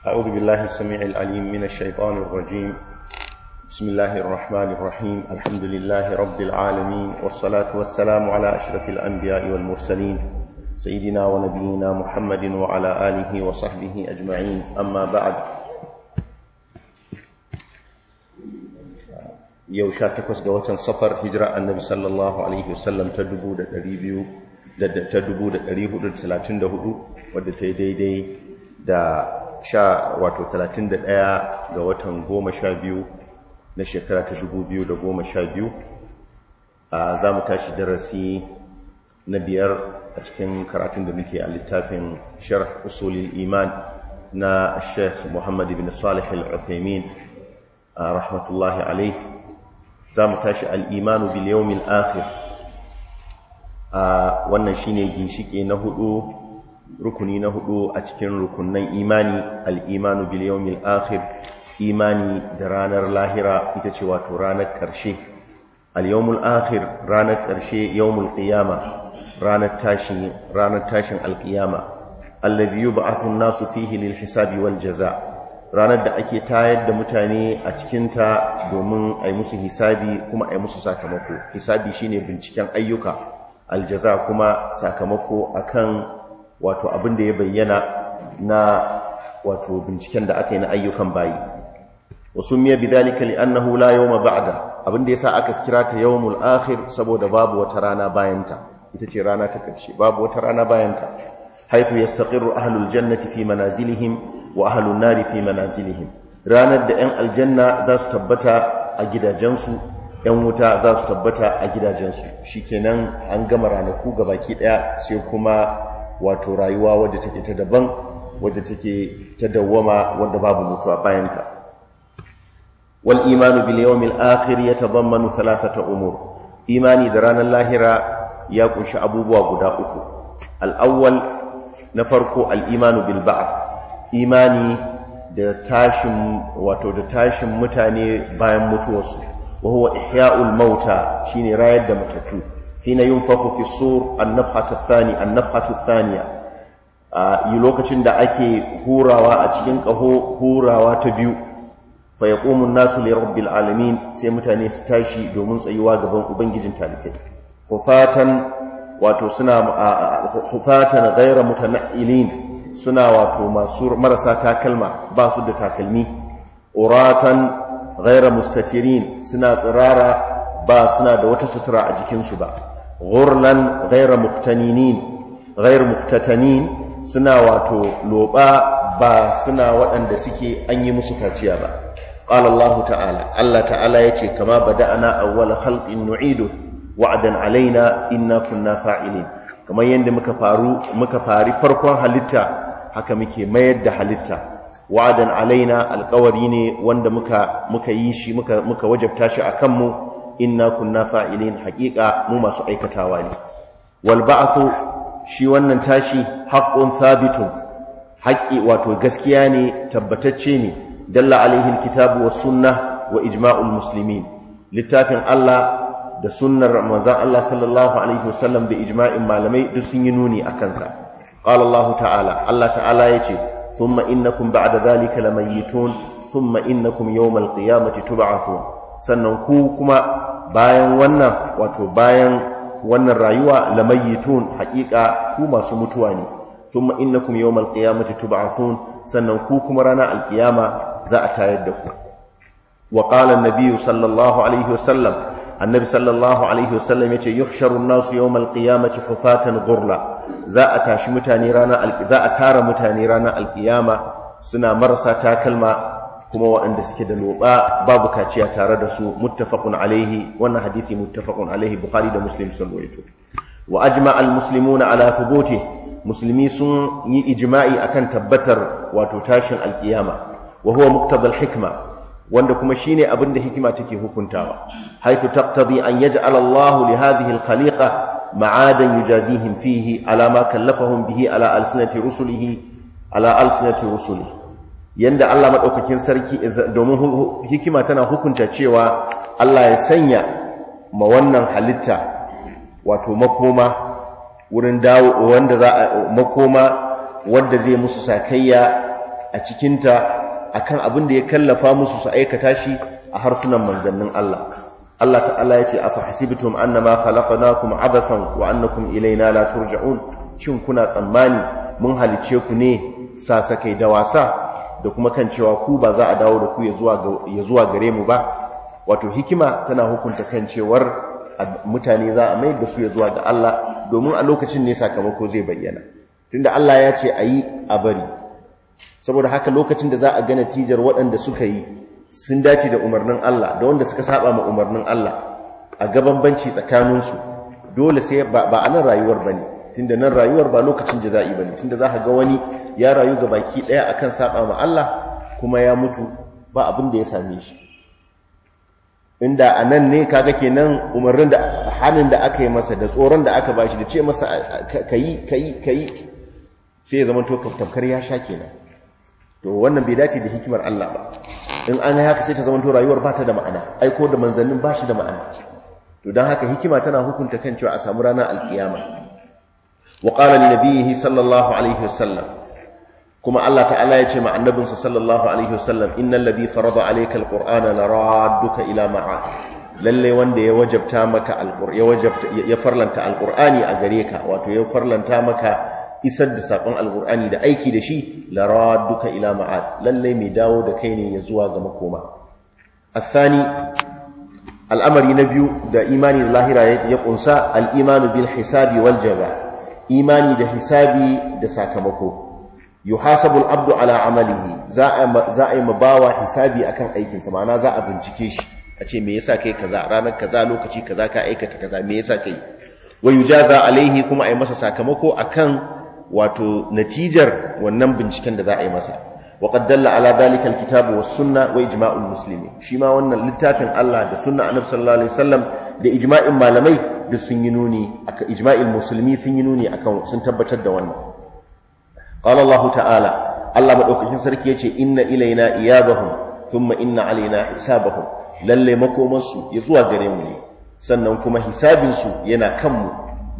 أعوذ بالله السميع العليم من الشيطان الرجيم بسم الله الرحمن الرحيم الحمد لله رب العالمين والصلاة والسلام على أشرف الأنبياء والمرسلين سيدنا ونبينا محمد وعلى آله وصحبه أجمعين أما بعد yau sha takwas ga watan safar hijira annabi sallallahu alaihi wasallam ta dubu da ɗari biyu da ta dubu da ɗari hudu da talatin da hudu wadda ta yi daidai da sha wato 31 ga watan 12 na shekara ta 2012 a za mu tashi darasi na biyar a cikin karatun da muke a littafin sharh usulil iman na Sheikh Muhammad ibn Salih al-Uthaymeen rahmatullahi alayh za mu tashi al-imanu bil yawmil akhir a wannan shine ginshike na hudu rukuni na hudu a cikin rukunan imani al'imanu biliyomil akhir imani da ranar lahira ita ce wato ranar ƙarshe al’yomul akhir ranar karshe yawmul qiyama ranar tashin ranar tashin al-qiyama allazi yub'athu sun nasu fihi lil hisabi wal jaza ranar da ake tayar da mutane a cikinta domin domin yi musu hisabi kuma ai musu sakamako hisabi shine binciken ayyuka aljaza kuma sakamako akan wato abin da ya bayyana na wato binciken da aka yi na ayyukan bayi wasu miya li annahu la yawma ba'da abin da yasa aka kira ta yawmul akhir saboda babu wata rana bayanta ita ce rana ta karshe babu wata rana bayanta haifu yastaqirru ahlul jannati fi manazilihim wa ahlun nari fi manazilihim ranar da 'yan aljanna za su tabbata a gidajensu 'yan wuta za su tabbata a gidajensu shikenan an gama ranaku gabaki daya sai kuma wato rayuwa wadda take ta daban wadda take ta dawwama wadda babu mutuwa bayanta wal imanu bil yawmil akhir yatadammanu thalathata umur imani da ranar lahira ya kunshi abubuwa guda uku al awwal na farko al imanu bil ba'th imani da tashin wato da tashin mutane bayan mutuwarsu wa huwa ihya'ul mauta shine rayar da matattu hina yunfaku fi sur an-nafhatu thani an thaniya yi lokacin da ake hurawa a cikin kaho hurawa ta biyu fa yaqumu an-nasu li rabbil alamin sai mutane su tashi domin tsayuwa gaban ubangijin talibai hufatan wato suna hufatan ghayra mutana'ilin suna wato masu marasa takalma ba su da takalmi uratan ghayra mustatirin suna tsirara ba suna da wata sutura a jikinsu ba ghurlan ghayra muftaninin muftatanin suna wato loba ba suna waɗanda suke an yi musu kaciya ba qala Allah ta'ala Allah ta'ala yace kama bada'ana awwal khalqin nu'idu wa'dan alaina inna kunna fa'ilin kamar yanda muka faru muka fari farkon halitta haka muke mayar da halitta wa'adan alaina alƙawari ne wanda muka muka yi shi muka muka wajabta shi a kanmu. inna kunna fa'ilin haqiqa mu masu aikatawa ne wal ba'thu shi wannan tashi haqqun thabitun haqqi wato gaskiya ne tabbatacce ne dalla alaihi alkitabu was sunnah wa ijma'ul muslimin littafin Allah da sunnar manzon Allah sallallahu alaihi wasallam da ijma'in malamai duk sun yi nuni akan sa qala Allah ta'ala Allah ta'ala yace thumma innakum ba'da dhalika lamayitun thumma innakum yawmal qiyamati tub'athun sannan ku kuma bayan wannan wato bayan wannan rayuwa lamayitun haƙiƙa ku masu mutuwa ne kuma innakum yawmal qiyamati tub'athun sannan ku kuma ranar alkiyama za a tayar da ku wa qala an-nabiy sallallahu alaihi wasallam annabi sallallahu alaihi wasallam yace yuhsharu an-nasu yawmal qiyamati hufatan ghurla za a tashi mutane ranar za a tara mutane ranar alkiyama suna marasa takalma kuma waɗanda suke da loba babu kaciya tare da su muttafaqun alaihi wannan hadisi muttafaqun alaihi bukhari da muslim sun rawaito wa ajma al muslimuna ala thubuti muslimi sun yi ijma'i akan tabbatar wato tashin alkiyama wa huwa muqtada al hikma wanda kuma shine abin da hikima take hukuntawa haythu taqtadi an yaj'al Allah li hadhihi al khaliqa ma'adan yujazihim fihi ala ma kallafahum bihi ala alsinati rusulihi ala alsinati rusulihi yanda Allah maɗaukakin sarki domin hikima tana hukunta cewa Allah ya sanya ma wannan halitta wato makoma wurin dawo wanda za a makoma wanda zai musu sakayya a cikinta akan abin da ya kallafa musu su aikata shi a harsunan manzannin Allah Allah ta'ala ya ce a hasibtum annama khalaqnakum abathan wa annakum ilayna la turja'un shin kuna tsammani mun halice ku ne sasakai da wasa da kuma kan cewa ku ba za a dawo da ku ya zuwa gare mu ba wato hikima tana hukunta kan cewar mutane za a mai da su ya zuwa ga Allah domin a lokacin ne sakamako zai bayyana tunda Allah ya ce a yi a bari saboda haka lokacin da za a ga tijar waɗanda suka yi sun dace da umarnin Allah da wanda suka saba ma umarnin Allah a gaban banci tsakaninsu dole sai ba a nan rayuwar ne. tunda nan rayuwar ba lokacin jaza'i bane tunda za ka ga wani ya rayu ga baki daya akan saba ma Allah kuma ya mutu ba abin da ya same shi inda anan ne kaga kenan umarnin da hanin da aka yi masa da tsoron da aka bashi da ce masa kai kai kai sai ya to tamkar ya sha kenan to wannan bai dace da hikimar Allah ba in an yi haka sai ta zaman to rayuwar ba ta da ma'ana aiko da manzannin ba shi da ma'ana to don haka hikima tana hukunta kan cewa a samu ranar alkiyama wa qala li sallallahu alaihi kuma Allah ta'ala ya ce ma annabinsa sallallahu alaihi wasallam innal ladhi farada alayka alqur'ana laradduka ila ma'a lalle wanda ya wajabta maka farlanta alqur'ani a gare ka wato ya farlanta maka isar da sakon alkur'ani da aiki da shi laradduka ila ma'a lallai mai dawo da kai ne ya zuwa ga makoma athani al'amari na biyu da imani da lahira ya kunsa al-imanu bil hisabi waljaba. imani da hisabi da sakamako yuhasabul abdu ala amalihi za a yi mabawa hisabi akan aikinsa ma'ana za a bincike shi a ce me yasa kai kaza ranar kaza lokaci kaza ka aikata kaza me yasa kai wa yujaza alaihi kuma a yi masa sakamako akan wato natijar wannan binciken da za a yi masa wa qad dalla ala dhalika alkitabu was sunna wa ijma'ul muslimin shi ma wannan littafin Allah da sunna annabi sallallahu alaihi wasallam da ijma'in malamai duk sun yi nuni ijma'il musulmi sun yi nuni akan sun tabbatar da wannan qala ta'ala Allah madaukakin sarki yace inna ilaina iyabahum thumma inna alaina hisabahum lalle makomansu ya zuwa gare mu ne sannan kuma hisabin su yana kan mu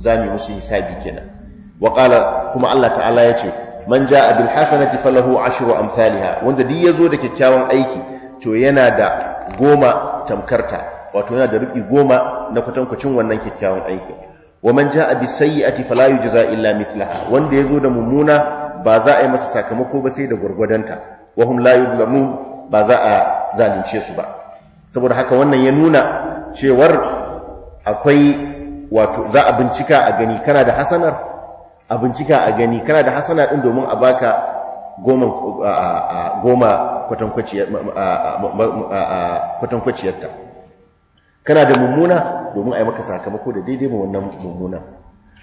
zamu musu hisabi kenan wa qala kuma Allah ta'ala ce man jaa bil hasanati falahu ashiru amsalha wanda duk zo da kyakkyawan aiki to yana da goma tamkarta wato yana da rubi goma na kwatankwacin wannan kyakkyawan aikin wa man jaa bi sayyi'ati fala yujza illa mithlaha wanda yazo da mummuna ba za a yi masa sakamako ba sai da gurgurdanta wa hum la yuzlamun ba za a zalunce su ba saboda haka wannan ya nuna cewar akwai wato za a bincika a gani kana da hasanar a bincika a gani kana da hasana din domin a baka goma goma kwatankwaciyarta kana da mummuna domin a yi maka sakamako da daidai ma wannan mummuna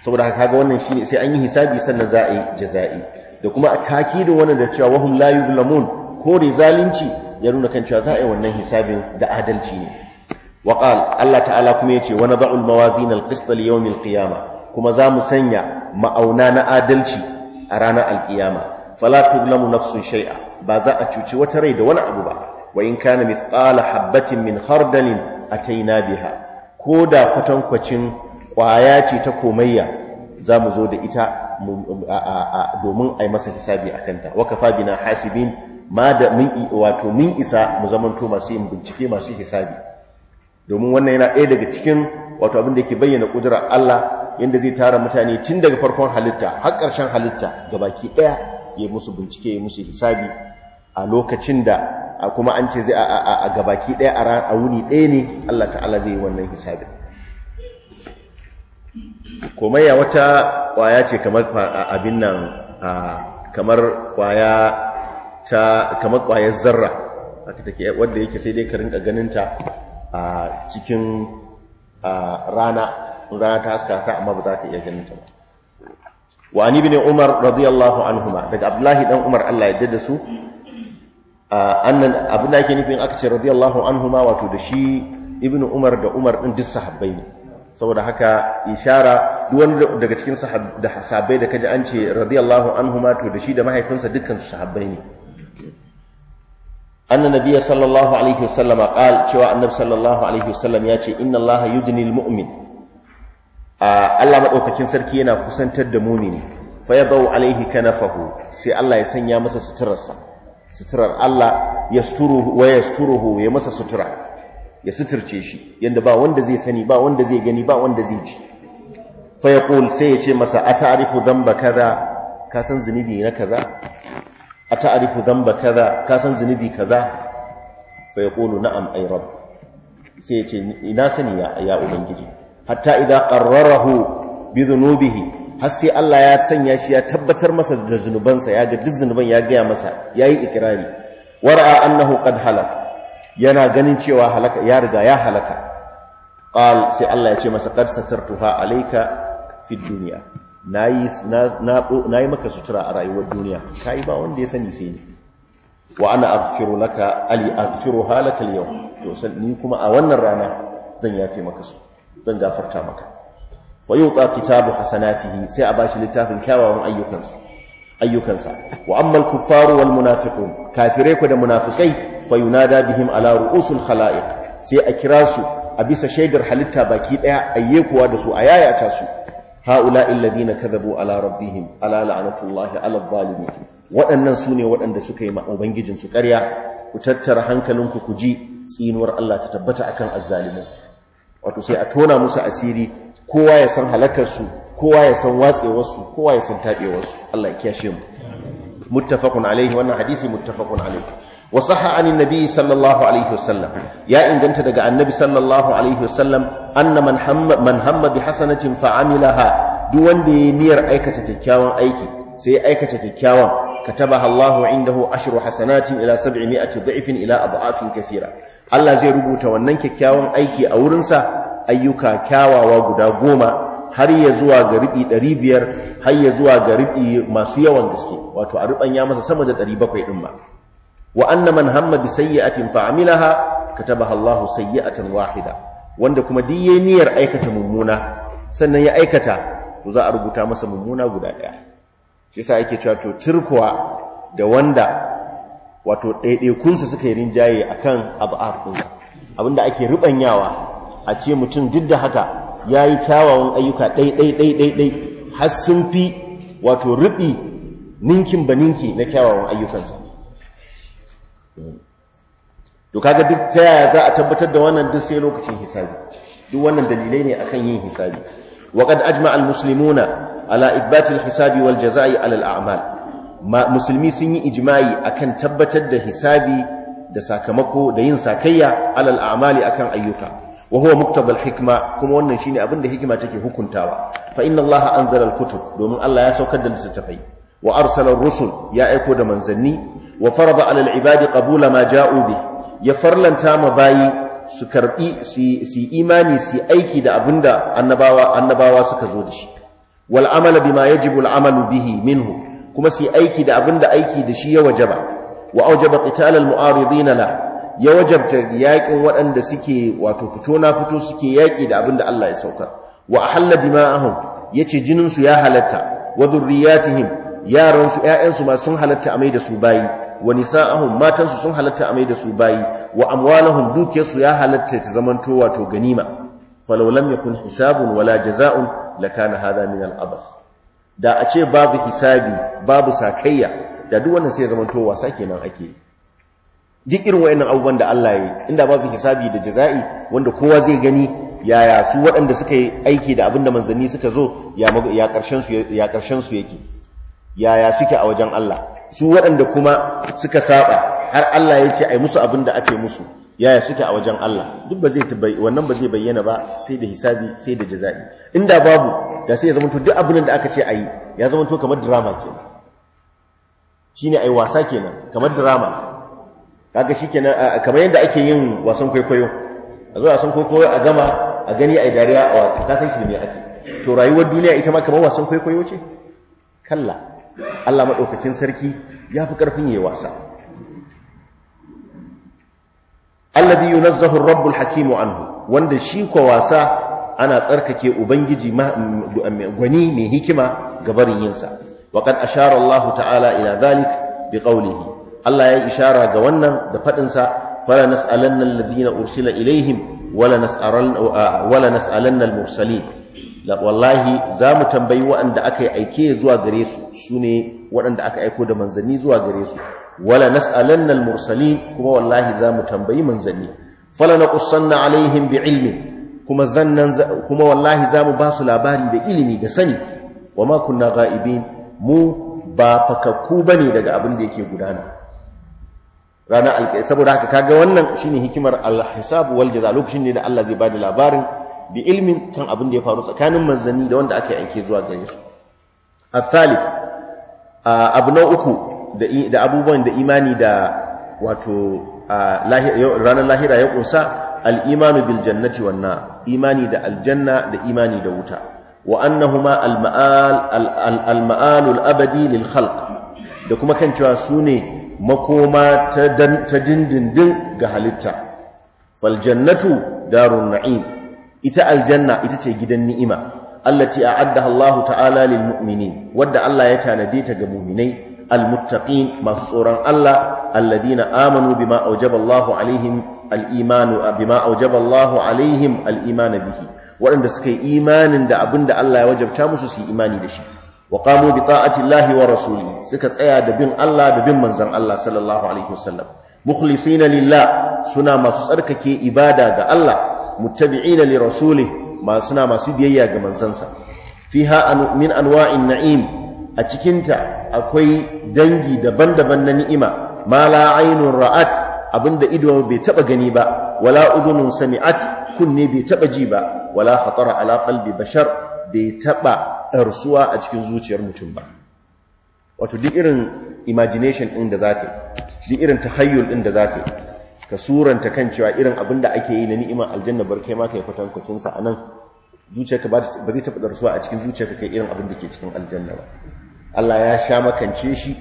saboda haka kaga wannan shine sai an yi hisabi sannan za a yi jaza'i da kuma a takidin wannan da cewa wahum la yuzlamun kore zalunci ya nuna kan cewa za a yi wannan hisabin da adalci ne wa Allah ta'ala kuma yace wa nad'u al-mawazin al-qist li yawm al kuma za mu sanya ma'auna na adalci a ranar al-qiyama fala tuzlamu nafsun shay'a ba za a cuci wata rai da wani abu ba wa in kana mithqala habatin min khardalin A ataina biha ko da kwatankwacin kwaya ce ta komayya za mu zo da ita domin a yi masa hisabi a kanta waka na hasibin ma da min wato min isa mu zamanto masu yin bincike masu hisabi domin wannan yana ɗaya daga cikin wato abin da ke bayyana ƙudurar Allah yadda zai tara mutane tun daga farkon halitta har ƙarshen halitta ga baki ɗaya ya musu bincike ya musu hisabi a lokacin da kuma an ce zai a gabaki ɗaya a wuni ɗaya ne Allah ta'ala zai yi wannan hisabin komaiya wata kwaya ce kamar abin nan kamar kwaya ta kamar kwayar zarra wadda yake sai dai karinka ganinta a cikin rana rana ta haska ta amma ba za ka iya ganinta ba wa bi ne umar radiyallahu anhuma daga abdullahi dan umar Allah ya yarda da su Ah, annan abin da ake nufin aka ce radiyallahu anhuma wato da shi ibnu umar da umar din duk sahabbai ne saboda haka ishara duk wani daga cikin sahabbai da kaji an ce radiyallahu anhuma to da shi da mahaifinsa dukkan su sahabbai ne annan nabi sallallahu alaihi wasallam qal cewa annabi sallallahu alaihi wasallam ya ce inna allaha yudni almu'min ah, Allah madaukakin sarki yana kusantar da mumini fa yadau alaihi kanafahu sai Allah ya sanya masa suturarsa suturar Allah ya suturuhu wa ya suturuhu ya masa sutura ya suturce shi yanda ba wanda zai sani ba wanda zai gani ba wanda zai ji fa yaqul sai ya ce masa ata'rifu dhanba kaza ka san zunubi na kaza ata'rifu dhanba kaza ka san zunubi kaza fa yaqulu na'am ay rabb sai ya ce ina sani ya ubangiji hatta idza qarrarahu bi dhunubihi har sai Allah ya sanya shi ya tabbatar masa da zunubansa ya ga duk zunuban ya gaya masa ya yi ikirari wara'a annahu qad halak yana ganin cewa halaka ya riga ya halaka qal sai Allah ya ce masa qad satartuha alayka fi dunya nayi nayi maka sutura a rayuwar duniya kai ba wanda ya sani sai ni wa ana aghfiru laka ali aghfiru halaka al-yawm to ni kuma a wannan rana zan yafe maka zan gafarta maka Fayoka kitabu kitabu hasanatihi sai a bashi littafin kyawawan ayyukansu ayyukansa wa ammal kuffaru wal munafiqun kafirai ku da munafikai Fayuna yunada bihim ala ru'usul khalaiq sai a kira su a bisa shaidar halitta baki daya yekuwa da su a yayata su haula alladhina kadhabu ala rabbihim ala la'natullahi ala adh-dhalimin waɗannan sune waɗanda suka yi ubangijin su ƙarya ku tattara hankalinku ku ji tsinuwar Allah ta tabbata akan azzalimin wato sai a tona musu asiri kowa ya san halakarsu kowa ya san watsewarsu kowa ya san taɓewarsu Allah ya kiyashe mu muttafaqun alaihi wannan hadisi muttafaqun alaihi wa sahha anin nabi sallallahu alaihi wasallam ya inganta daga annabi sallallahu alaihi wasallam anna man hamma man hamma bi hasanatin fa amilaha duk wanda ya niyyar aikata kyakkyawan aiki sai ya aikata kyakkyawan كتبها الله عنده عشر حسنات إلى سبعمائة ضعف إلى أضعاف allah zai rubuta wannan kyakkyawan aiki a wurinsa. ayyuka kyawawa guda goma har ya zuwa ga riɓi ɗari biyar har ya zuwa ga riɓi masu yawan gaske wato a rubanya ya masa sama da ɗari bakwai ɗin ma wa anna sai ya bi sayyi'atin fa amilaha sayi Allahu tan wahida wanda kuma duk yayin niyyar aikata mummuna sannan ya aikata to za a rubuta masa mummuna guda ɗaya shi yasa ake cewa to turkuwa da wanda wato ɗaiɗaikunsa suka yi rinjaye akan ab'af ɗinsa abinda ake ruɓanyawa a ce mutum duk da haka ya yi kyawawan ayyuka ɗai-ɗai-ɗai-ɗai har sun fi wato rubi ninkin ba ninki na kyawawan ayyukansa to kaga duk ta yaya za a tabbatar da wannan duk sai lokacin hisabi duk wannan dalilai ne akan yin hisabi wa qad al-muslimuna ala ithbati hisabi wal jaza'i ala amal musulmi sun yi ijimai akan tabbatar da hisabi da sakamako da yin sakayya alal al-a'mali akan ayyuka Wahuwa huwa muktabal hikma kuma wannan shine abin da hikima take hukuntawa fa inna allaha anzala alkutub domin Allah ya saukar da littattafai wa arsala rusul ya aiko da manzanni wa farada ala alibadi qabula ma ja'u bi ya farlanta ma bayi su karbi su imani su aiki da abinda annabawa annabawa suka zo da shi wal amala bima yajibu al amalu bihi minhu kuma su aiki da abinda aiki da shi ya wajaba wa aujaba qital al mu'aridin la ya wajabta yaƙin waɗanda suke wato fito na fito suke yaƙi da abin da Allah ya saukar wa ahalla dima'ahum yace jinin su ya halatta wa dhurriyatihim yaran su ƴaƴan su ma sun halatta amai da su bayi wa nisa'ahum matan su sun halatta amai da su bayi wa amwalahum duke su ya halatta ta zamanto wato ganima falau lam yakun hisabun wala jaza'un lakana hadha min al da a ce babu hisabi babu sakayya da duk wannan sai zamanto wasa kenan ake yi duk irin wayannan abubuwan da Allah ya yi inda babu hisabi da jaza'i wanda kowa zai gani yaya su waɗanda suka yi aiki da abin da manzanni suka zo ya ƙarshen su ya ƙarshen yake yaya suke a wajen Allah su waɗanda kuma suka saba har Allah ya ce ai musu abin da ake musu yaya suke a wajen Allah duk ba zai wannan ba zai bayyana ba sai da hisabi sai da jaza'i inda babu da sai ya zama to duk abin da aka ce ayi ya zama to kamar drama kenan shine ai wasa kenan kamar drama kaga kenan kamar yadda ake yin wasan kwaikwayo a zuwa wasan kwaikwayo a gama a gani a dariya a wata ka san shi ne ake to rayuwar duniya ita ma kamar wasan kwaikwayo ce kalla Allah maɗaukakin sarki ya fi ƙarfin yi wasa alladhi yunazzahu ar-rabbul hakimu anhu wanda shi ko wasa ana tsarkake ubangiji gwani mai hikima ga barin yinsa wa qad ashara Allah ta'ala ila dhalik bi qawlihi Allah ya ishara ga wannan da faɗinsa fala nas'alanna alladhina ursila ilaihim wala nas'alanna wala nas'alanna mursalin wallahi za mu tambayi waɗanda aka yi aike zuwa gare su su ne waɗanda aka aiko da manzanni zuwa gare su wala nas'alanna al-mursalin kuma wallahi za mu tambayi manzanni fala naqussanna alaihim bi'ilmin kuma zannan kuma wallahi za mu ba su labari da ilimi da sani wama kunna ga'ibin mu ba fakakku bane daga abin da yake gudana ranar alƙiyar saboda haka kaga wannan shine hikimar alhisab wal jaza lokacin ne da Allah zai bada labarin bi ilmin kan abin da ya faru tsakanin manzanni da wanda aka yi aike zuwa gare su athalif abu na uku da abubuwan da imani da wato ranar lahira ya kunsa al-imanu bil jannati wan imani da aljanna da imani da wuta wa annahuma al-ma'al al-ma'al al-abadi lil khalq da kuma kan cewa su ne. makoma ta dindindin ga halitta faljannatu darun na'im ita aljanna ita ce gidan ni'ima allati a'addaha Allah ta'ala lil mu'minin wadda Allah ya tanade ta ga mu'minai almuttaqin masu tsoron Allah Alladina amanu bima awjaba Allah alaihim al imana bima awjaba Allah alaihim al-iman bihi waɗanda suka yi imanin da abinda Allah ya wajabta musu su yi imani da shi wa qamu bi ta'ati wa rasuli suka tsaya da bin Allah da bin manzon Allah sallallahu alaihi wasallam mukhlisina lillah suna masu tsarkake ibada ga Allah muttabi'ina li rasulih ma suna masu biyayya ga manzansa fiha min anwa'in na'im a cikinta akwai dangi daban-daban na ni'ima ma la aynun ra'at abinda ido bai taba gani ba wala udunun sami'at kunne bai taba ji ba wala khatara ala qalbi bashar bai taɓa ɗarsuwa a cikin zuciyar mutum ba wato duk irin imagination ɗin da za ka yi duk irin tahayyul ɗin da za ka yi ka suranta kan cewa irin abin da ake yi na ni'imar aljanna bar kai ma ka yi kwatankwacinsa a nan zuciyarka ba zai taɓa ɗarsuwa a cikin zuciyarka kai irin abin da ke cikin aljanna ba Allah ya sha makance shi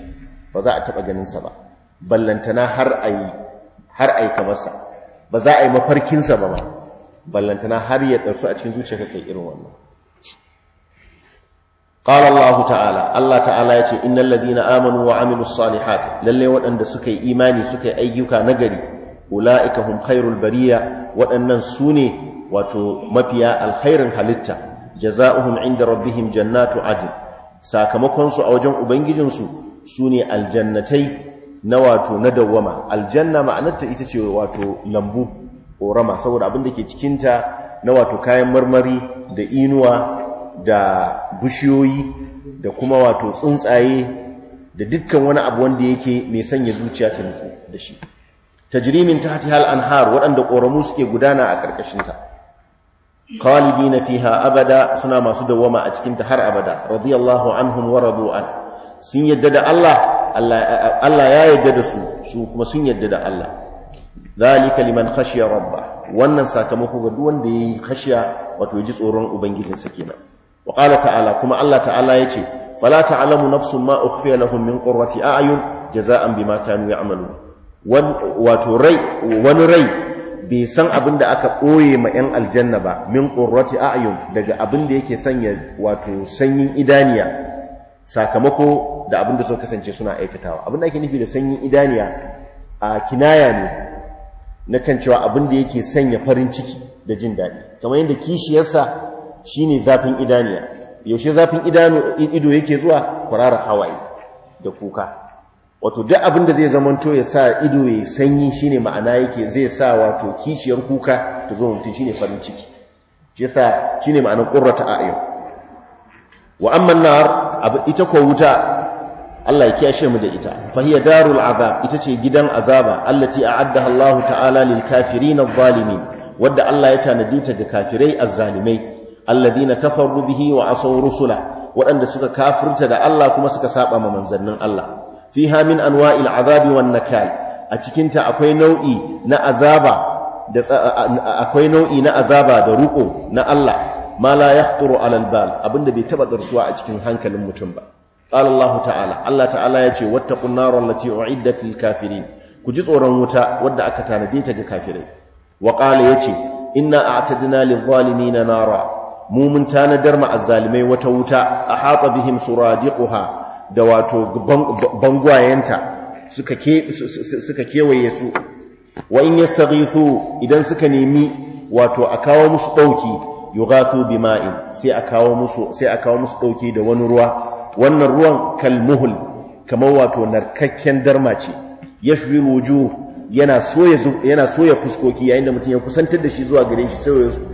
ba za a taɓa ganinsa ba ballantana har a yi har a yi ba za a yi mafarkinsa ba ba ballantana har ya ɗarsu a cikin zuciyarka kai irin wannan qala Allah ta'ala Allah ta'ala ya ce innal ladina amanu wa amilus salihat Lallai waɗanda suka yi imani suka yi ayyuka nagari ulaika hum khairul bariya waɗannan sune wato mafiya alkhairin halitta jazaohum inda rabbihim jannatu adn sakamakon su a wajen ubangijinsu su sune aljannatai na wato na dawwama aljanna ma'anarta ita ce wato lambu ƙorama saboda abin da ke cikinta na wato kayan marmari da inuwa da bishiyoyi da kuma wato tsuntsaye da dukkan wani abu wanda yake mai sanya zuciya ta nutsu da shi tajrimin hatihal anhar waɗanda ƙoramu suke gudana a ƙarƙashinta khalidina fiha abada suna masu dawama a cikinta har abada radiyallahu anhum wa radu an sun yadda da Allah Allah ya yadda da su su kuma sun yadda da Allah zalika liman khashiya rabba wannan sakamako ga duk wanda yayi khashiya wato ya ji tsoron ubangijinsa kenan Waƙala ta'ala kuma Allah ta'ala ce, fala ta'lamu nafsun ma ukhfiya lahum min qurrati a'yun jaza'an bima kanu ya'malun wato rai wani rai bai san abin da aka ɓoye ma 'yan aljanna ba min qurrati a'yun daga abin da yake sanya wato sanyin idaniya sakamako da abin da suka kasance suna aikatawa abin da ake nufi da sanyin idaniya a kinaya ne na kan cewa abin da yake sanya farin ciki da jin daɗi kamar yadda kishiyarsa ne zafin idaniya yaushe zafin ido yake zuwa kurarar hawaye da kuka wato duk abin da zai zamanto ya sa ido ya sanyi ne ma'ana yake zai sa wato kishiyar kuka ta zo mutum ne farin ciki shi ne ma'ana ma'anar ta yau wa amma nar ita ko wuta Allah ya kiyashe mu da ita fa hiya darul azab ita ce gidan azaba allati a'addaha Allah ta'ala lil kafirin adh-dhalimin wanda Allah ya tanadi ta ga kafirai azzalimai alladhina kafaru bihi wa asaw rusula waɗanda suka kafirta da Allah kuma suka saba ma manzannin Allah fiha min anwa'il azabi wan nakal a cikin ta akwai nau'i na azaba da akwai nau'i na azaba da ruko na Allah ma la yahturu ala abinda bai taba darsuwa a cikin hankalin mutum ba qala Allah ta'ala Allah ta'ala yace wattaqun nar allati u'iddat lil kafirin ku ji tsoron wuta wadda aka tanade ta ga kafirai wa qala yace inna a'tadna lil zalimin nara mu mun tanadar ma azzalimai wata wuta a haɓa bihim suradiquha da wato bangwayenta suka kewaye su wa in yastaghithu idan suka nemi wato a kawo musu dauki yughathu bima'in sai a kawo musu sai a kawo musu dauki da wani ruwa wannan ruwan kalmuhul kamar wato narkakken darma ce yashwi wujuh yana soya fuskoki yayin da mutum ya kusantar da shi zuwa gare shi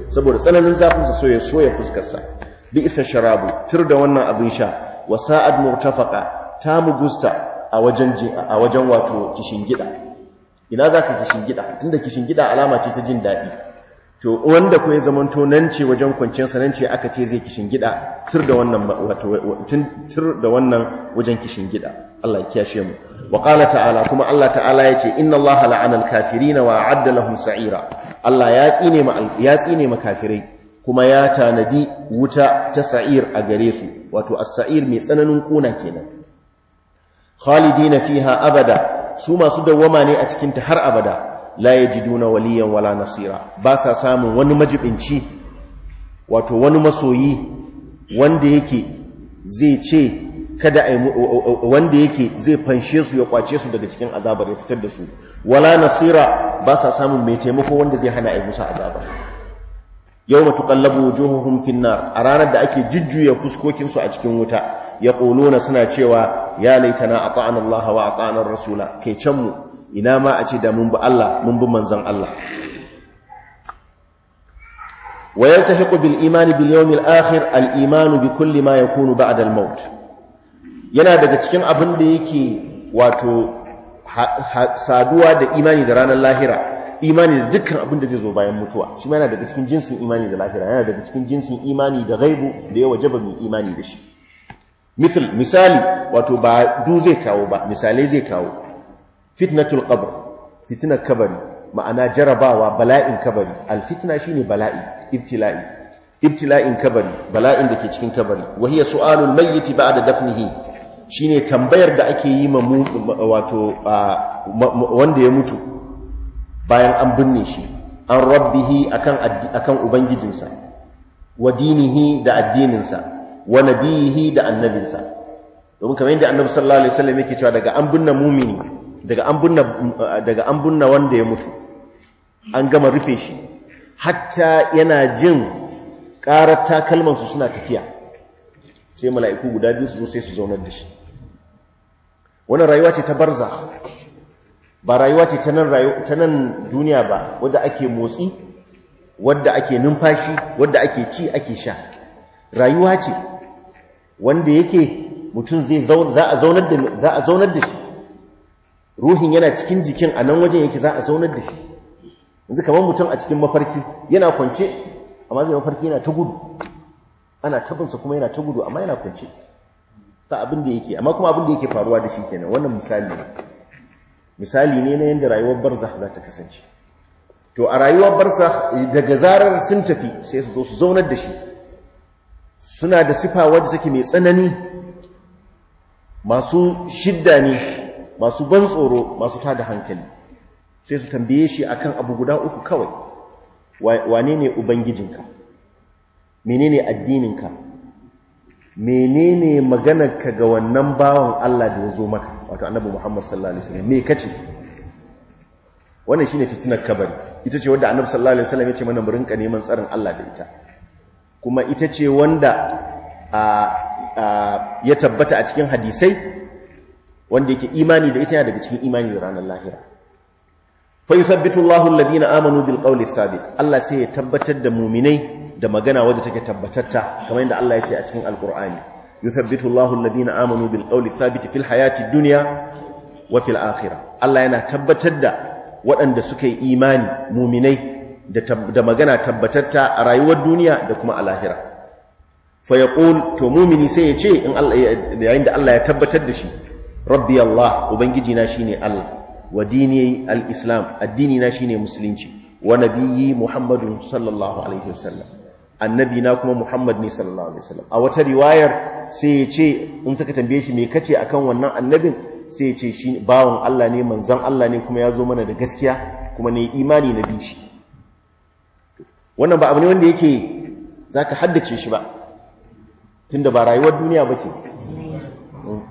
saboda tsananin so ya soya sa bi isa sharabu tur da wannan abin sha wa sa'ad murtafaqa ta mugusta a wajen a wajen wato gida ina zaka gida? tunda kishin gida alama ce ta jin daɗi to wanda ko ya zamanto nan ce wajen kwanciyar sa nan ce aka ce zai gida tur da wannan wato tur da wannan wajen kishin gida. Allah ya kiyashe mu waƙala ta'ala kuma Allah ta'ala yace inna Allah la'ana al-kafirin wa a'adda lahum sa'ira Allah ya tsine ma kafirai kuma ya tanadi wuta ta sa'ir a gare su wato a sair mai tsananin ƙuna kenan khalidina fiha abada su masu dawwama ne a cikin ta har abada la duna waliyan wala nasira ba sa samun wani majibinci wato wani masoyi wanda yake zai ce kada yi wanda yake zai fanshe su ya kwace su daga cikin azabar ya fitar da su wala nasira ba sa samun mai taimako wanda zai hana yi musu azaba yawma tuqallabu wujuhuhum fin nar a ranar da ake jujjuya fuskokinsu a cikin wuta ya ƙonona suna cewa ya laitana ƙa'an Allah wa a ƙa'an rasula kai can mu ina ma a ce da mun bi Allah mun bi manzan Allah ويلتحق al imanu bi kulli ma yakunu kunu al maut yana daga cikin abin da yake wato saduwa da imani da ranar lahira imani da dukkan abin da zai zo bayan mutuwa shi ma yana daga cikin jinsin imani da lahira yana daga cikin jinsin imani da gaibu da ya wajaba mai imani da shi misal misali wato ba du zai kawo ba misalai zai kawo fitnatul qabr fitnar kabari ma'ana jarabawa bala'in kabari alfitna shine bala'i ibtila'i ibtila'in kabari bala'in da ke cikin kabari wa hiya su'alul mayyit ba'da dafnihi Shi ne tambayar da ake yi ma wato wanda ya mutu bayan an binne shi an rabbihi akan akan ubangijinsa wa dinihi da addininsa wa nabiyihi da annabinsa domin kamar yadda annabi sallallahu alaihi wasallam yake cewa daga an binne mumini daga an binne wanda ya mutu an gama rufe shi hatta yana jin karar takalmansu suna tafiya sai mala'iku guda biyu su zo sai su zaunar da shi wannan rayuwa ce ta barza ba rayuwa ce ta nan duniya ba wadda ake motsi wadda ake numfashi wadda ake ci ake sha rayuwa ce wanda yake mutum zai za a zaunar da shi ruhin yana cikin jikin a nan wajen yake za a zaunar da shi yanzu kamar mutum a cikin mafarki yana kwance amma zai mafarki yana ta gudu ana tabinsa kuma yana ta gudu amma yana kwance ta abin da yake amma kuma abin da yake faruwa da shi kenan wannan misali ne misali ne na yadda rayuwar barzakh za ta kasance to a rayuwar barzakh daga zarar sun tafi sai su zo su zaunar da shi suna da sifa wadda take mai tsanani masu shidda ne masu ban tsoro masu tada hankali sai su tambaye shi akan abu guda uku kawai wane ne ubangijinka menene addininka menene maganar ka ga wannan bawan Allah da ya zo maka wato annabi Muhammad sallallahu alaihi wasallam me kace wannan shine fitinar kabari ita ce wanda annabi sallallahu alaihi wasallam ya ce mana mu rinka neman tsarin Allah da ita kuma ita ce wanda ya tabbata a cikin hadisai wanda yake imani da ita yana daga cikin imani da ranar lahira fa yuthabbitu Allahu alladhina amanu bil qawli thabit Allah sai ya tabbatar da mu'minai da magana wadda take tabbatatta kamar yadda Allah ya ce a cikin alkur'ani yuthabbitu Allahu alladhina amanu bil qawli thabit fil hayati dunya wa fil akhirah Allah yana tabbatar da waɗanda suka yi imani muminai da magana tabbatatta a rayuwar duniya da kuma a lahira fa yaqul to mumini sai ya ce in Allah yayin da Allah ya tabbatar da shi rabbi Allah ubangiji na shine Allah wa dini al-islam addini na shine musulunci wa nabiyyi muhammadun sallallahu alaihi wasallam annabi na kuma Muhammad ne sallallahu alaihi wasallam a wata riwayar sai ya ce in suka tambaye shi me kace akan wannan annabin sai ya ce shi bawon Allah ne manzon Allah ne kuma ya zo mana da gaskiya kuma ne imani na bi shi wannan ba abu ne wanda yake zaka haddace shi ba tunda ba rayuwar duniya bace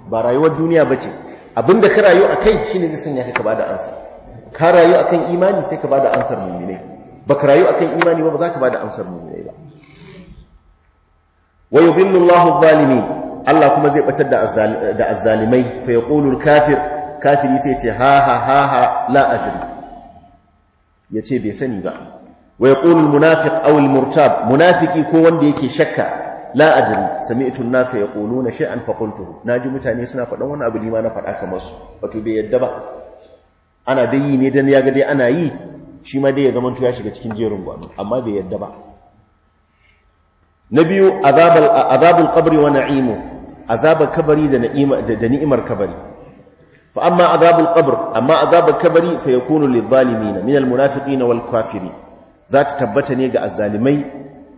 ba rayuwar duniya bace abinda ka rayu akai shine zai sanya ka bada ansa ka rayu akan imani sai ka bada ansar Ba baka rayu akan imani ba ba za ka bada ansar ne. wa yuhillu Allahu zalimin Allah kuma zai batar da azzalimai fa yaqulu al-kafir kafiri sai ce ha ha ha ha la adri yace bai sani ba wa yaqulu al-munafiq murtab munafiki ko wanda yake shakka la adri sami'tu an-nas yaquluna shay'an fa qultu naji mutane suna faɗan wani abu nima na faɗa kamar su wato bai yadda ba ana dai yi ne dan ya ga dai ana yi shi ma dai ya zamanto ya shiga cikin jerin gwano amma bai yadda ba na biyu azabul kabari wa na'imu azabul kabari da ni'imar kabari fa amma azabul qabr amma azabul kabari fa yakunu lil zalimin minal al na wal za ta tabbata ne ga azzalimai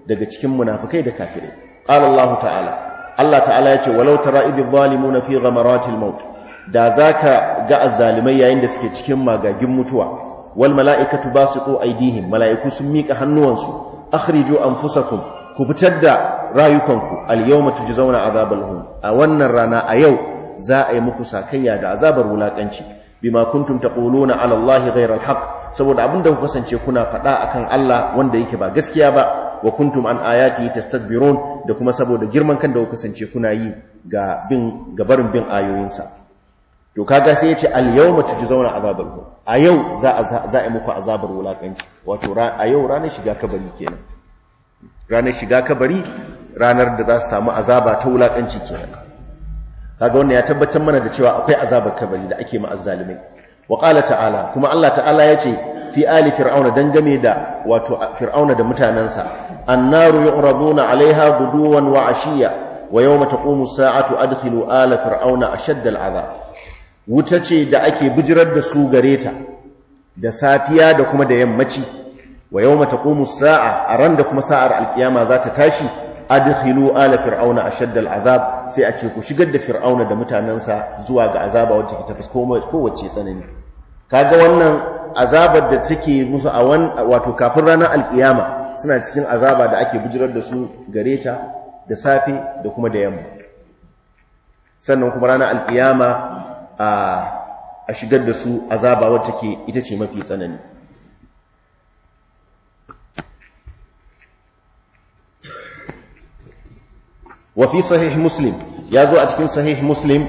daga cikin munafikai da kafirai qala allah ta'ala allah ta'ala ce walau tara idh na fi ghamaratil maut da zaka ga azzalimai yayin da suke cikin magagin mutuwa wal mala'ikatu basitu aydihim mala'iku sun mika hannuwansu akhrijoo anfusakum ku fitar da rayukanku al-yawma tujzauna azabal hum a wannan rana a yau za a yi muku sakayya da azabar wulakanci bima kuntum taquluna ala allahi ghayra al-haq saboda da ku kasance kuna faɗa akan Allah wanda yake ba gaskiya ba wa kuntum an ayati tastakbirun da kuma saboda girman kan da ku kasance kuna yi ga bin gabarin bin ayoyinsa to kaga sai yace al-yawma tujzauna azabal hum a yau za a za a yi muku azabar wulakanci wato a yau ranar shiga kabari kenan ranar shiga kabari ranar da za su samu azaba ta wulakanci kenan kaga wannan ya tabbatar mana da cewa akwai azabar kabari da ake ma'azzalimai wa qala ta'ala kuma Allah ta'ala ya ce, fi ali fir'auna game da wato fir'auna da mutanansa annaru yu'raduna 'alaiha guduwan wa 'ashiya wa yawma taqumu as-sa'atu adkhilu ala fir'auna ashadda shaddal aza wuta ce da ake bijirar da su gareta da safiya da kuma da yammaci wa yawma taqumu as-sa'a a ran da kuma sa'ar alkiyama za ta tashi adkhilu ala fir'auna a ashadda azab, sai a ce ku shigar da fir'auna da mutanansa zuwa ga azaba wacce ke tafas kowace tsanani kaga wannan azabar da take musu a wato kafin ranar alkiyama suna cikin azaba da ake bijirar da su gareta da safe da kuma da yamma sannan kuma ranar alkiyama a shigar da su azaba wacce take ita ce mafi tsanani wa fi sahih muslim ya zo a cikin sahih muslim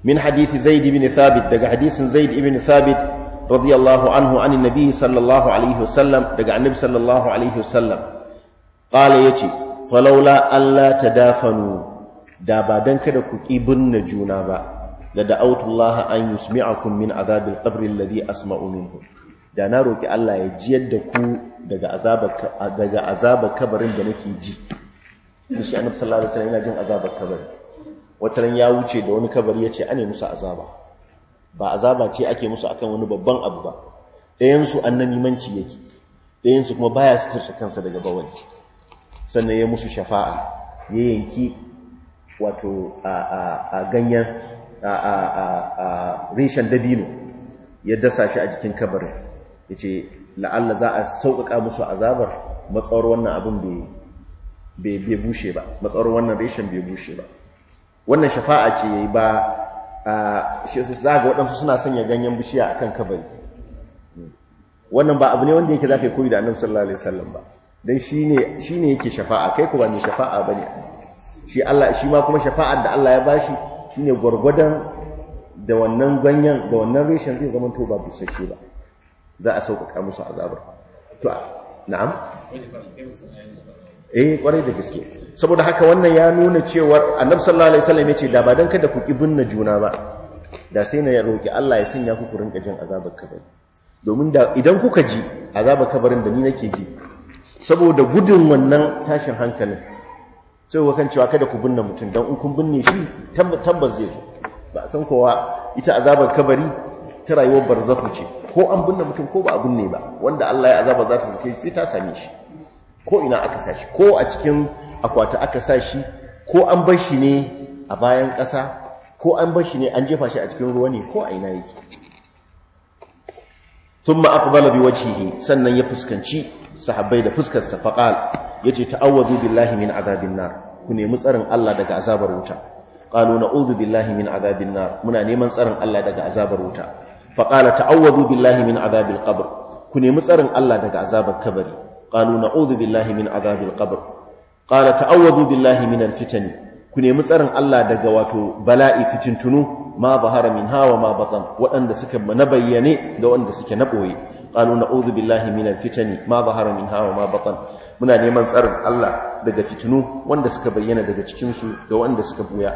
min hadisi zaid ibn thabit daga hadisin zaid ibn thabit radiyallahu anhu an nabi sallallahu alaihi wasallam daga annabi sallallahu alaihi wasallam qala yace falawla allah ta tadafanu da ba dan kada ku kibin binne juna ba da da'autullah an yusmi'akum min azabil qabr alladhi asma'u minhu da na roƙi Allah ya jiyar da ku daga azaba daga azaba kabarin da nake ji da shi annabi sallallahu yana jin azabar kabari wataran ya wuce da wani kabari ya ce ane musu azaba ba azaba ce ake musu akan wani babban abu ba ɗayansu imanci yake ɗayansu kuma baya suturta kansa daga bawan. sannan ya musu shafa'a ya yanki wato a ganyen a reshen dabino ya dasa shi a jikin kabarin ya ce la'alla za a sauƙaƙa musu azabar matsawar wannan abin da bai bushe ba matsar wannan reshen bai bushe ba wannan shafa'a ce yayi ba a shi su zaga waɗansu suna sanya ganyen bishiya akan kabari wannan ba abu ne wanda yake zaka koyi da Annabi sallallahu alaihi wasallam ba dan shine shine yake shafa'a kai ko ba shafa'a bane shi Allah shi ma kuma shafa'ar da Allah ya bashi shine gwargwadon da wannan ganyen da wannan reshen zai zama to ba busashe ba za a sauƙaƙa musu azabar to na'am eh kwarai da gaske saboda haka wannan ya nuna cewa annabi sallallahu alaihi wasallam yace da ba dan kada ku ki binne juna ba da sai na roki Allah ya sanya ku kurin kajin azabar kabari domin da idan kuka ji azabar kabarin da ni nake ji saboda gudun wannan tashin hankalin sai kan cewa kada ku binne mutum dan in kun binne shi tabbas zai zo ba san kowa ita azabar kabari ta rayuwar barzakhu ce ko an binne mutum ko ba a binne ba wanda Allah ya azaba za ta sai ta same shi ko ina aka sashi ko a cikin akwata aka sashi ko an bashi ne a bayan ƙasa ko an bashi ne an jefa shi a cikin ruwa ne ko a ina yake thumma aqbala biwajhihi sannan ya fuskanci sahabbai da fuskar sa faqal yace ta'awwazu billahi min azabin nar ku nemi tsarin Allah daga azabar wuta qalu na'udhu billahi min azabin nar muna neman tsarin Allah daga azabar wuta faqala ta'awwazu billahi min azabil qabr ku nemi tsarin Allah daga azabar kabari qalu na'udhu billahi min adhabil qabr qala ta'awwadhu billahi min fitani. ku nemi tsarin Allah daga wato bala'i fitintunu ma zahara minha wa ma batan wadanda suka na bayyane da wanda suke na boye qalu na'udhu billahi min alfitan ma zahara minha wa ma batan muna neman tsarin Allah daga fitinu wanda suka bayyana daga cikin su da wanda suka buya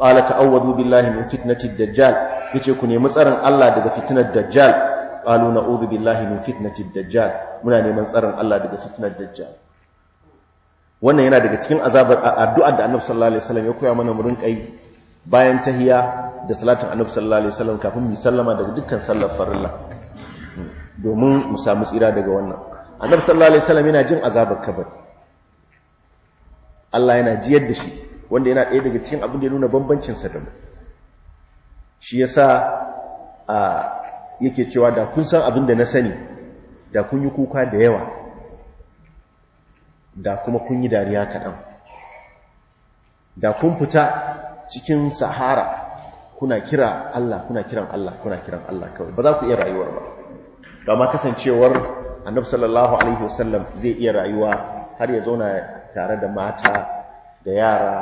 qala ta'awwadhu billahi min fitnatid dajjal yace ku nemi tsarin Allah daga fitnar dajjal qalu na'udhu billahi min fitnatid dajjal muna neman tsaron Allah daga fitnar dajjal wannan yana daga cikin azabar addu'ar da Annabi sallallahu alaihi wasallam ya koya mana mu rinka yi bayan tahiya da salatin Annabi sallallahu alaihi wasallam kafin mu sallama daga dukkan sallar farilla hmm. domin mu samu tsira daga wannan Annabi sallallahu alaihi wasallam yana jin azabar kabari Allah yana jiyar da shi wanda yana ɗaya daga cikin abin da ya nuna bambancin sa da mu shi yasa a yake cewa da kun san abin da na sani da kun yi kuka da yawa da kuma kun yi dariya kaɗan da kun fita cikin sahara kuna kira Allah kuna kiran Allah kuna kiran Allah kawai ba za ku iya rayuwar ba ma kasancewar annabi sallallahu alaihi wasallam zai iya rayuwa har ya zauna tare da mata da yara